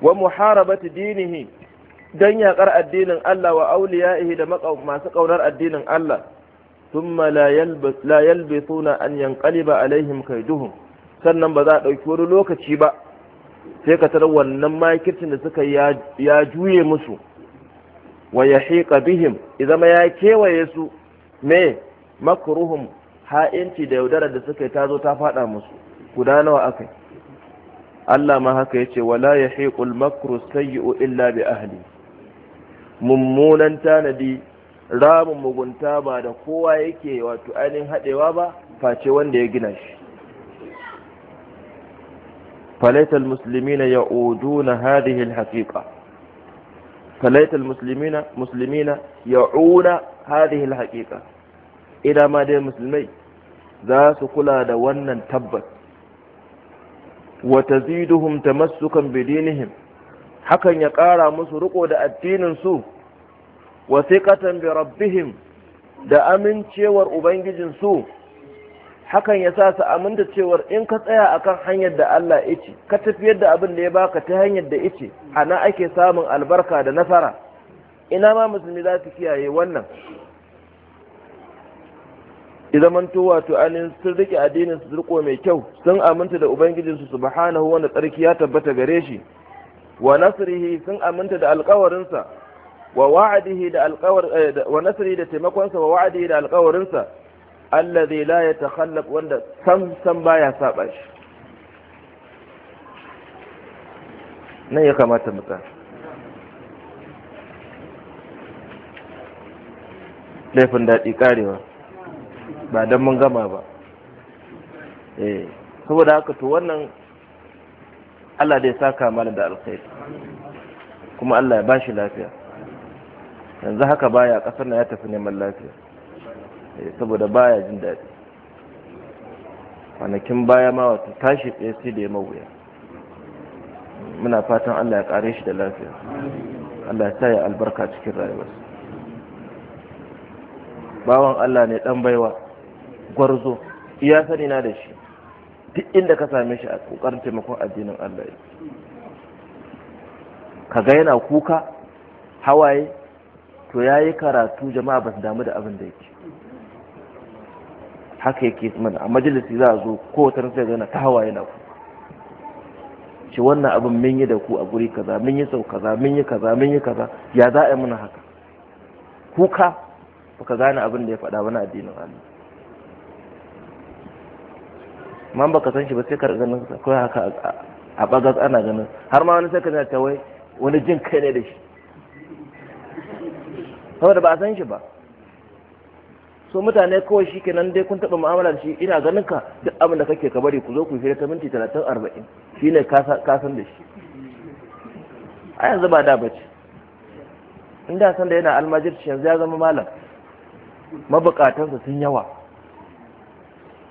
Speaker 1: wa muharabati dinihi don yaƙar addinin Allah wa auliya'ihi da masu ƙaunar addinin Allah thumma la suna an yanqaliba alaihim duhu. sannan ba za a ɗauki wani lokaci ba sai ka tara wannan makircin da suka ya juye musu wa ya hiƙa bihim izama ya kewaye su me makruhum ha'inci da yaudarar da suka yi ta zo ta faɗa musu guda nawa aka yi Allah ma haka yace wala yahiqul makru sayyi'u illa bi ahli mummunan tanadi ramin mugunta ba da kowa yake wato ainihin haɗewa ba face wanda ya gina shi فليت المسلمين يعودون هذه الحقيقة فليت المسلمين مسلمين يعون هذه الحقيقة إلى ما دي المسلمين ذات كلا دونا تبت وتزيدهم تمسكا بدينهم حقا يقارى مسرقوا دا الدين سوء وثقة بربهم دا أمن شوار أبنجز سوء hakan ya sa su aminta cewar in ka tsaya akan hanyar da Allah ita ka tafiyar da abin da ya baka ta hanyar da ice a nan ake samun albarka da nasara ina ma musulmi za su kiyaye wannan izamanto wato anin sun rike addinin su riko mai kyau sun aminta da ubangijinsu subhanahu wanda tsarki ya tabbata gare shi wa nasrihi sun aminta da alƙawarinsa wa wa'adihi da alƙawar eh, wa nasri da sa wa wa'adihi da sa. allazi la yatakhallaq wanda sam sam baya saba shi nan ya kamata mu tsaya laifin daɗi karewa ba don mun gama ba eh saboda haka to wannan Allah da ya saka mana da alkhairi kuma Allah ya bashi lafiya yanzu haka baya ƙasar na ya tafi neman lafiya Eh, saboda baya jin daɗi kwanakin baya ma wata tashi tsaye sai da ya mawuya muna fatan allah ya kare shi da lafiya allah ya sa albarka cikin rayuwar bawan allah ne ɗan baiwa gwarzo iya sani na da shi duk inda ka same shi a ƙoƙarin taimakon addinin allah ka ga yana kuka hawaye to ya yi karatu jama'a ba su damu da abin da yake haka yake mana a majalisi za a zo kowace ran sai ga ta hawa yana ku shi wannan abin mun yi da ku a guri kaza mun yi sau kaza mun yi kaza mun yi kaza ya za a yi mana haka kuka baka gane abin da ya faɗa wani addinin Allah man baka san shi ba sai ka ganin ko haka a bagas ana ganin har ma wani sai ka ta wai wani jin kai ne da shi saboda ba a san shi ba so mutane kawai shi kenan dai kun taɓa mu'amala da shi ina ganin ka duk abin da kake ka bari ku zo ku fi ta minti talatin arba'in shi ne kasan da shi a yanzu ba da bace in da san da yana almajirci yanzu ya zama malam mabukatansa sun yawa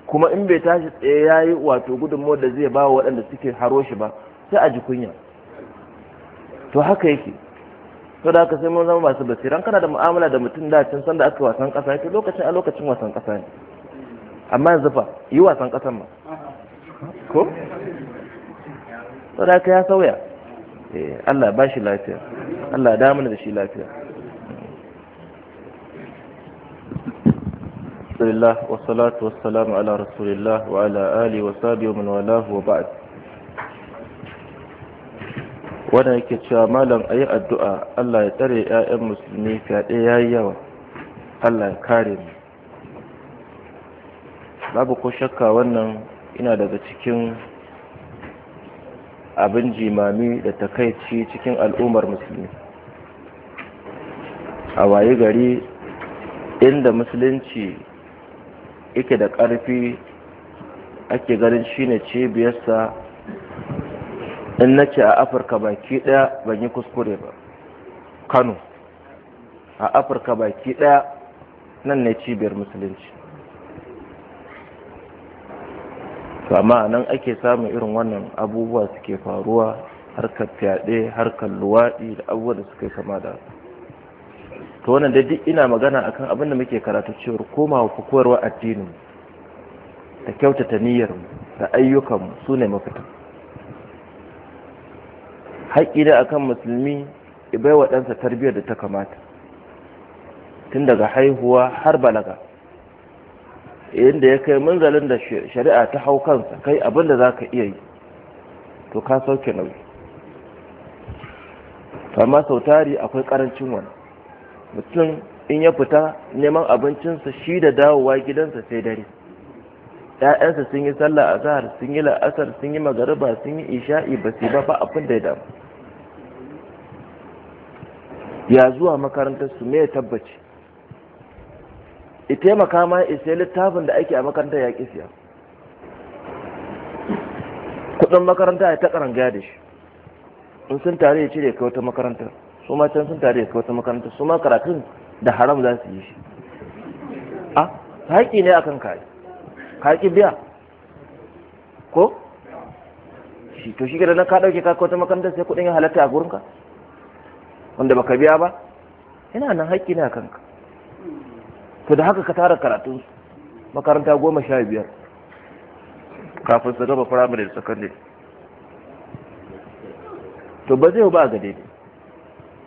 Speaker 1: kuma in bai tashi tsaye ya yi wato gudunmawar da zai ba wa waɗanda suke haro shi ba sai a ji kunya to haka yake sau da haka sai mun zama masu basiran kana da mu'amala da mutum da can sanda aka wasan kasa yake lokacin a lokacin wasan kasa ne amma yanzu fa yi wasan kasan ma ko to da haka ya sauya eh Allah ba shi lafiya Allah ya damu da shi lafiya Alhamdulillah wa salatu wa salamu ala rasulillah wa ala alihi wa sahbihi wa man walahu wa ba'd wanda yake cewa malam a yi addu'a Allah ya tsare 'ya'yan musulmi fyaɗe ya yi yawa Allah ya kare mu babu ko shakka wannan ina daga cikin abin jimami da takaici cikin al'ummar musulmi a waye gari inda musulunci yake da ƙarfi ake ganin shine cibiyarsa in na ce a afirka baki daya ban yi kuskure ba kano a afirka baki daya nan ne cibiyar musulunci amma nan ake samun irin wannan abubuwa suke faruwa harkar fyaɗe harkar luwaɗi da abubuwa da suka kama da to wannan da duk ina magana akan abin da muke karatu cewar komawa ku wa addinin da kyautata niyyarmu da ayyukanmu su ne mafita haƙƙi ne akan musulmi ya bai wa ɗansa tarbiyyar da ta kamata tun daga haihuwa har balaga inda ya kai munzalin da shari'a ta hau kansa kai abinda za ka iya yi to ka sauke nauyi amma sau tari akwai ƙarancin wani mutum in ya fita neman abincinsa shi da dawowa gidansa sai dare ‘ya'yansa sun yi sallah a zahar sun yi la'asar sun yi magariba sun yi isha'i ba su ba ba abin da ya damu ya zuwa makarantar su me ya tabbaci ita taimaka ma isa littafin da ake a makarantar ya siya kudin makaranta ya takarar karanga da shi in sun tare ya cire kawata makarantar su ma can sun tare ya kawata makarantar su ma karatun da haram za su yi shi a haƙi ne akan kai haƙi biya ko shi to shi na ka ɗauke ka wata makarantar sai kudin ya halatta a gurinka wanda baka biya ba Ina nan haƙƙi ne a kanka to da haka ka tara karatun makaranta goma sha biyar kafin su gaba firamare da sakandare to ba zai ba ga daidai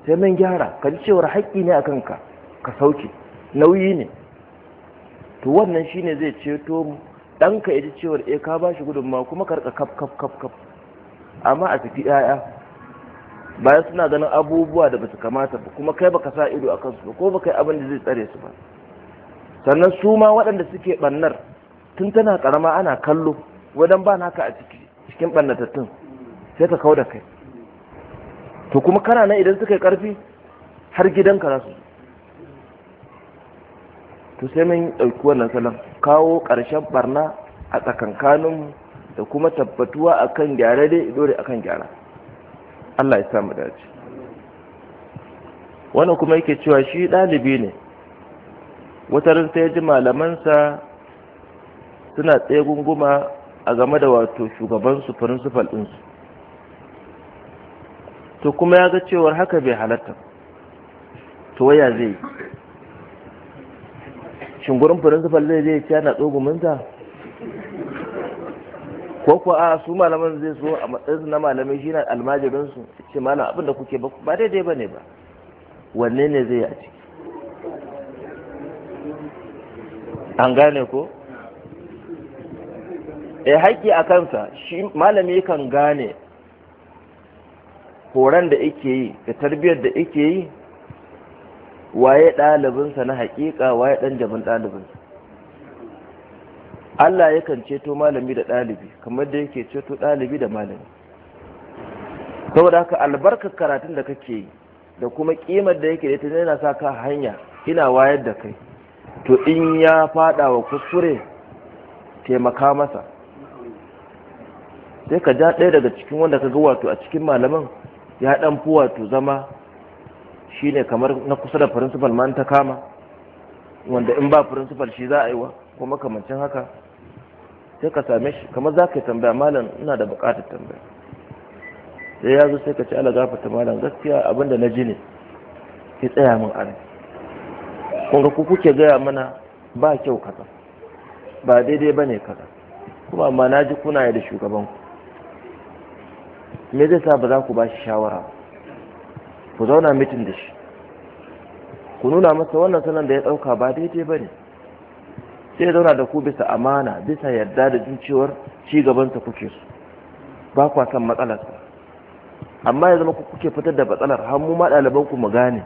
Speaker 1: sai mun gyara ka ji cewar haƙƙi ne a kanka ka sauke nauyi ne to wannan shine zai ceto mu ɗanka ya ji cewar e ka ba shi gudunmawa kuma karka kaf kaf kaf kaf amma a tafi 'ya'ya bayan suna ganin abubuwa da basu kamata ba kuma kai baka sa ido a kansu ba ko baka yi abin da zai tsare su ba sannan su ma waɗanda suke ɓannar tun tana ƙarama ana kallo wadan ba naka a cikin ɓannatattun sai ka kau da kai to kuma kana nan idan suka yi ƙarfi har gidanka za su to sai mun ɗauki wannan salon kawo ƙarshen ɓarna a tsakankaninmu da kuma tabbatuwa akan gyare dai idore akan gyara Allah ya sa dace wannan kuma yake cewa shi ɗalibi ne wata sai ya ji malamansa suna tsaye gunguma a game da wato shugabansu firinsifal ɗinsu to kuma ya ga cewar haka bai halatta to waya zai shin gurin firinsifal zai je na ci yana tsoguminsa ko ko a su malaman zai zo a matsayin na malamai shi na almajirin su ce malam abin da kuke ba daidai ba ne ba wanne ne zai a ciki an gane ko e haƙƙi a kansa shi malami kan gane horon da ike yi da tarbiyyar da ike yi waye ɗalibinsa na haƙiƙa waye ɗan jabin ɗalibinsa Allah yakan ceto malami da ɗalibi kamar da yake ceto ɗalibi da malami saboda haka albarkar karatun da kake yi da kuma kimar da yake da ta yana sa ka hanya ina wayar da kai to in ya fada wa kuskure taimaka masa sai ka ja ɗaya daga cikin wanda ka ga wato a cikin malaman ya ɗan fi wato zama shine kamar na kusa da firinsifal ma ta kama wanda in ba firinsifal shi za a yi wa kuma makamancin haka sai ka same shi kamar za ka yi tambaya malam ina da buƙatar tambaya sai ya zo sai ka ci ala ta malam gaskiya abinda na ji ne ki tsaya min a kun ku kuke gaya mana ba kyau kaza ba daidai ba ne kaza kuma amma na ji kuna yi da shugabanku me zai sa ba za ku ba shi shawara ku zauna mitin da shi ku nuna masa wannan salon da ya ɗauka ba daidai ba ne zai zauna da ku bisa amana bisa yadda da jin cewar ci gabansa kuke su ba kwa san matsalarsa amma ya zama kuke fitar da matsalar har mu ma ɗaliban ku mu gane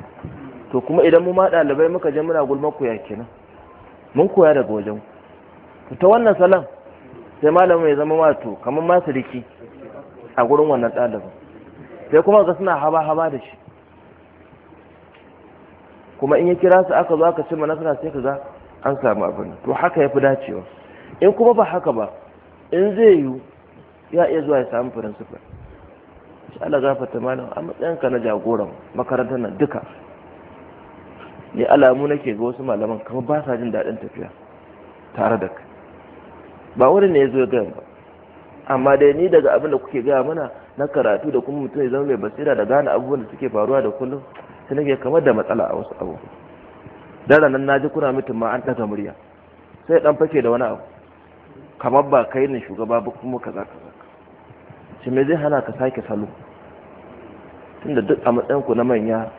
Speaker 1: to kuma idan mu ma ɗalibai muka je muna gulma ku ya kenan mun koya daga wajen ku ta wannan salon sai malamin ya zama wato kamar masu riki a gurin wannan ɗalibin sai kuma ga suna haba haba da shi kuma in ya kira su aka zo aka ce nasara sai ka ga an samu abin to haka ya fi dacewa in kuma ba haka ba in zai yiwu ya iya zuwa ya samu firinsifal shi Allah ta malam a matsayinka na jagoran makarantar nan duka ne alamu nake ga wasu malaman kama ba sa jin daɗin tafiya tare da kai ba wani ne ya zo ya gaya ba amma dai ni daga abin da kuke gaya mana na karatu da kuma mutum ya zama mai basira da gane abubuwan da suke faruwa da kullum sai nake kamar da matsala a wasu abubuwa daren nan naji kuna mutum ma an ɗaga murya sai ɗan fake da wani abu kamar ba kai ne shugaba ba kuma kaza kaza shi me zai hana ka sake salo tunda duk a matsayin ku na manya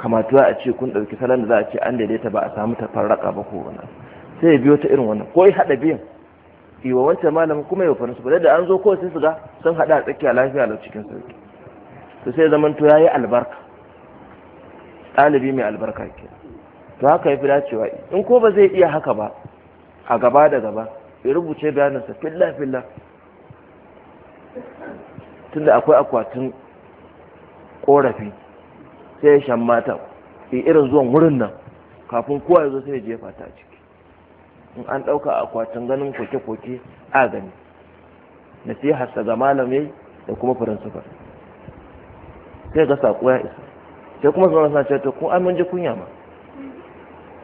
Speaker 1: kamatuwa a ce kun ɗauki salon da za a ce an daidaita ba a samu farraka ba ko wani sai ya biyo ta irin wannan ko ya haɗa biyan iwa wancan malamin kuma ya faransu ba da an zo kawai sai su ga sun haɗa a tsakiya lafiya da cikin sauki to sai zaman to ya yi albarka ɗalibi mai albarka ke to haka ya fi dacewa in ko ba zai iya haka ba a gaba da gaba ya rubuce bayaninsa filla filla tunda akwai akwatin korafi sai ya shan mata irin zuwan wurin nan kafin kowa ya zo sai ya jefa ta ciki in an ɗauka akwatin ganin koke-koke a gani hasa ga malamai da kuma faransufa sai ga saƙo ya isa sai kuma suna suna cewa kun amince kunya ma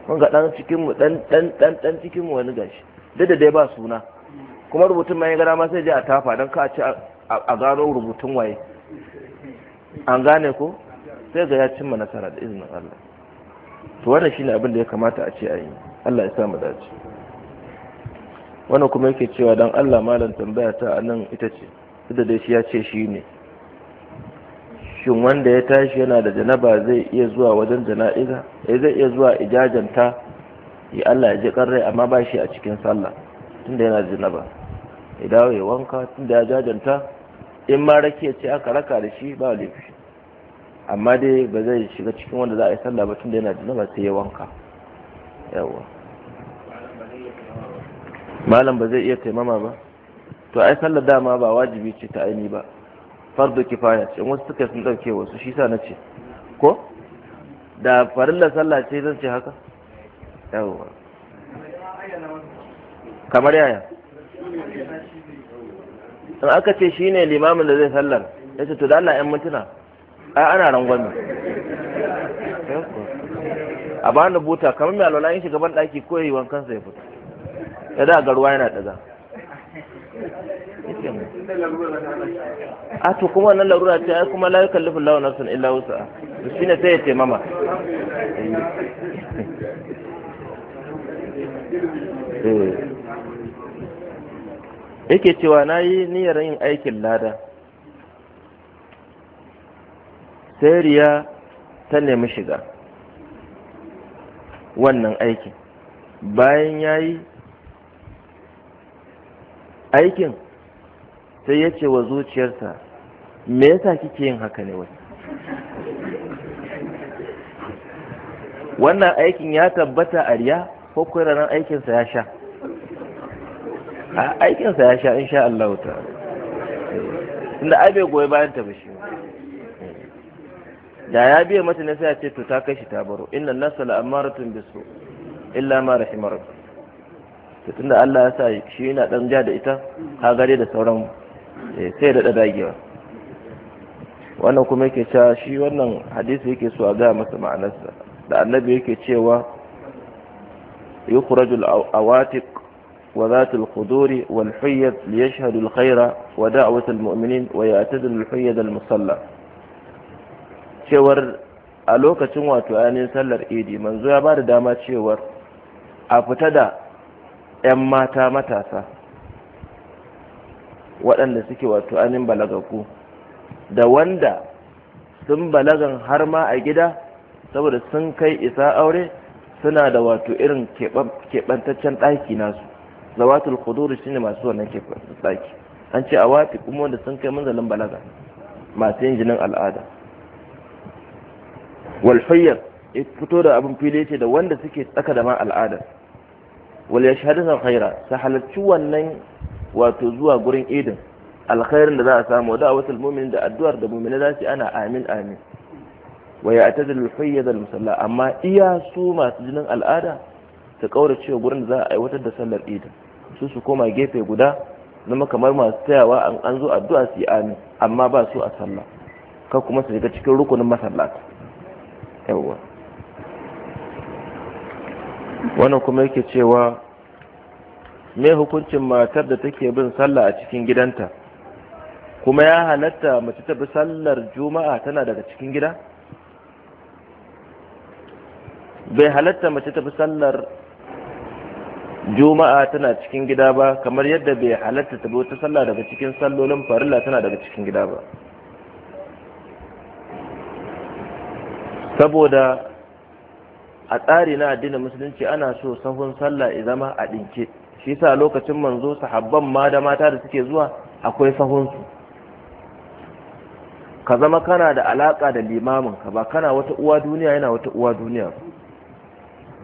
Speaker 1: mun ga dan cikin mu dan dan dan dan cikin mu wani gashi duk da dai ba suna kuma rubutun mai gara ma sai je a tafa dan ka ci a gano rubutun waye an gane ko sai ga ya cimma nasara da izinin Allah to wannan shine abin da ya kamata a ce a yi Allah ya sa mu dace wannan kuma yake cewa dan Allah malam tambaya ta anan ita ce duk da dai shi ya ce shi ne shin wanda ya tashi yana da janaba zai iya zuwa wajen jana'iza sai eh, zai iya zuwa ijajanta ya Allah ya ji karrai amma ba shi a cikin sallah tun da yana jinaba ya dawo ya wanka da ya jajanta in ma rakiya ce aka raka da shi ba laifi amma dai ba zai shiga cikin wanda za a yi sallah ba tun da yana ba sai ya wanka yawa malam ba zai iya taimama ba to ai sallar dama ba wajibi ce ta aini ba fardu kifaya ce wasu suka sun dauke wasu shi sa na ce ko da farilla sallah ce zan ce haka yawwa kamar yaya in aka ce shi ne limamin da zai sallar ya ce to da Allah 'yan mutuna ai ana rangwame a ba ni buta kamar mai alwala yin shiga ɗaki ko yi wankan sa ya fito ya da garuwa yana ɗaga
Speaker 2: mu a to
Speaker 1: kuma wannan larura ce ai kuma la yukallifu Allahu nafsan illa wusa to shine sai ya ce mama eh. yake cewa na yi niyyar yin aikin lada sai ta nemi shiga wannan aikin bayan ya yi aikin sai ya ce wa zuciyarsa me yasa kike yin haka ne wani? wannan aikin ya tabbata a riya ko ranar aikinsa ya sha A aikinsa ya sha insha Allah ta inda ai bai goyi bayan ta bashi da ya biya mata ne sai ya ce to ta kai shi ta baro inna nasa la'amaratun bisu illa ma rahimar ta tunda Allah ya sa shi yana dan ja da ita ka gare da sauran Eh, sai da dagewa wannan kuma yake ta shi wannan hadisi yake so a ga masa ma'anarsa da annabi yake cewa yukhraju al-awatiq wa zat al-khuduri wal hayyat yashhadu al khayra wa da'wat al-mu'minin wa ya'tadu al hayyat al-musalla cewar a lokacin wato ayanin sallar idi manzo ya bada dama cewar a fita da 'yan mata matasa waɗanda suke wato anin balagaku da wanda sun balagan har ma a gida saboda sun kai isa aure suna da wato irin keɓantaccen ɗaki nasu zawatul kuduri shi ne masu wannan keɓantaccen ɗaki an ce a wafi kuma wanda sun kai manzalin balaga masu yin jinin al'ada walfayyar ya fito da abin fili ce da wanda suke tsaka da ma al'ada wal ya shahadu san khaira su halarci wannan wato zuwa gurin idin alkhairin da za a samu da wasu mumin da addu'ar da mumin za su ana amin amin wa ya ta zulfiyya da musalla amma iya su masu jinin al'ada ta su cewa gurin da za a aiwatar da sallar idin su su koma gefe guda zama kamar masu tayawa an an zo addu'a su yi amin amma ba su a salla ka kuma su shiga cikin rukunin masallata yawwa wannan kuma yake cewa me hukuncin matar da take bin sallah a cikin gidanta kuma ya halatta mace ta bi sallar juma'a tana daga cikin gida bai halatta mace ta bi sallar juma'a tana cikin gida ba kamar yadda bai halatta ta bi wata sallah daga cikin sallolin farilla tana daga cikin gida ba saboda a tsari na addinin musulunci ana so sahun sallah ya zama a ɗinke shi sa lokacin manzo sahabban ma da mata da suke zuwa akwai sahunsu ka zama kana da alaka da limamin ka ba kana wata uwa duniya yana wata uwa duniya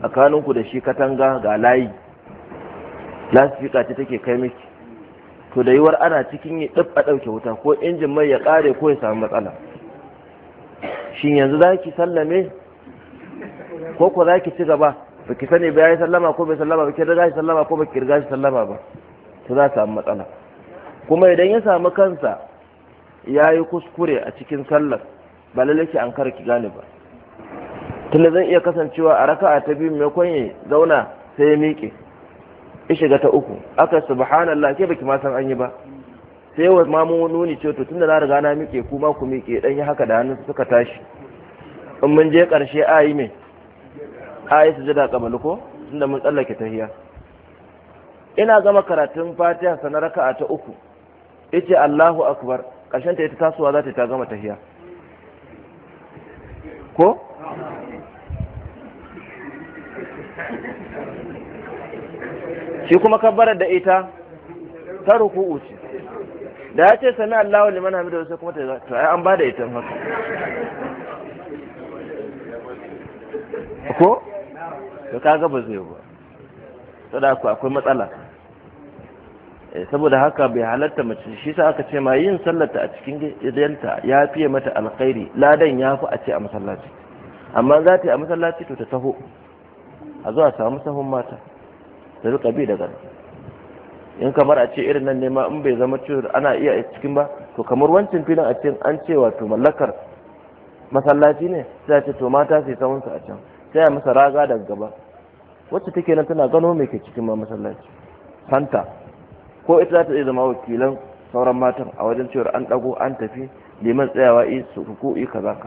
Speaker 1: A tsakaninku da shi katanga ga layi lasifika ce take kai miki to da yiwuwar ana cikin yi a ɗauke wuta ko injin mai ya ƙare ko ya samu matsala shin yanzu za ki sallame ko ku za ki ci gaba Baki sani ba ya sallama ko bai sallama ba riga shi sallama ko ba riga shi sallama ba to za samu matsala kuma idan ya samu kansa ya yi kuskure a cikin sallar ba lalle ki an kar ki gane ba tunda zan iya kasancewa a raka'a ta biyu mai kwanye zauna sai ya miƙe ya shiga ta uku aka subhanallah ke baki ma san an yi ba sai wa mamu nuni ce to tunda na riga na miƙe kuma ku miƙe dan ya haka da hannun suka tashi in mun je ƙarshe a yi mai a yi sujada kamar ko tunda mun tsallake tahiyya ina gama karatun fatiha sanar raka'a ta uku yace Allahu akbar ƙarshen ta ita tasowa za ta ta gama tahiyya ko shi kuma kabbarar da ita ta ruku'u ce da ya ce sami Allahu liman hamidu sai kuma ta ai an ba da ita haka
Speaker 2: ko to
Speaker 1: kaga ba zai ba saboda ku akwai matsala eh, saboda haka bai halatta mace shi sa aka ce ma yin sallata a cikin gidanta ya fiye mata alkhairi ladan ya fi a ce a masallaci amma za ta yi a masallaci to ta taho a zuwa samu sahun mata da rika bi daga in kamar a ce irin nan ne ma in bai zama cewa ana iya a cikin ba to kamar wancan filin a cikin an ce wato mallakar masallaci ne sai a ce to mata sai sahunsa a can sai masa raga daga gaba wacce take nan tana gano mai ke cikin ma masallaci fanta ko ita za ta zama wakilan sauran matan a wajen cewar an dago an tafi liman tsayawa yi su yi kaza ka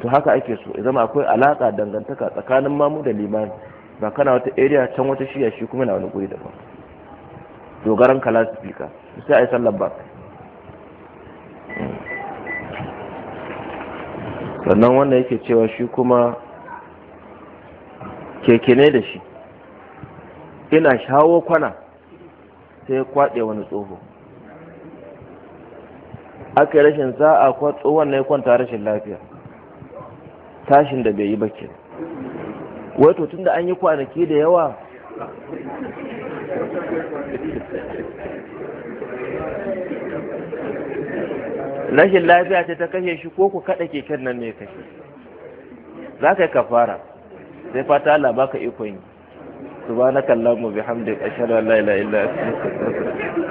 Speaker 1: to haka ake so idan akwai alaka dangantaka tsakanin mamu da limani ba kana wata area can wata shiya shi kuma na wani guri da ba. dogaran kala fika sai ai sallar ba sannan wannan yake cewa shi kuma keke ne da shi ina shawo kwana sai ya kwaɗe wani tsoho aka yi rashin sa'a a tsohon na ya kwanta rashin lafiya tashin da bai yi bakin wato tun da an yi kwanaki da yawa rashin lafiya ce ta kashe shi ko ku kaɗa keken nan ne kashe za ka yi kafara sai fata Allah baka ikon yi subhanakallahumma bihamdika ashhadu an la ilaha illa anta astaghfiruka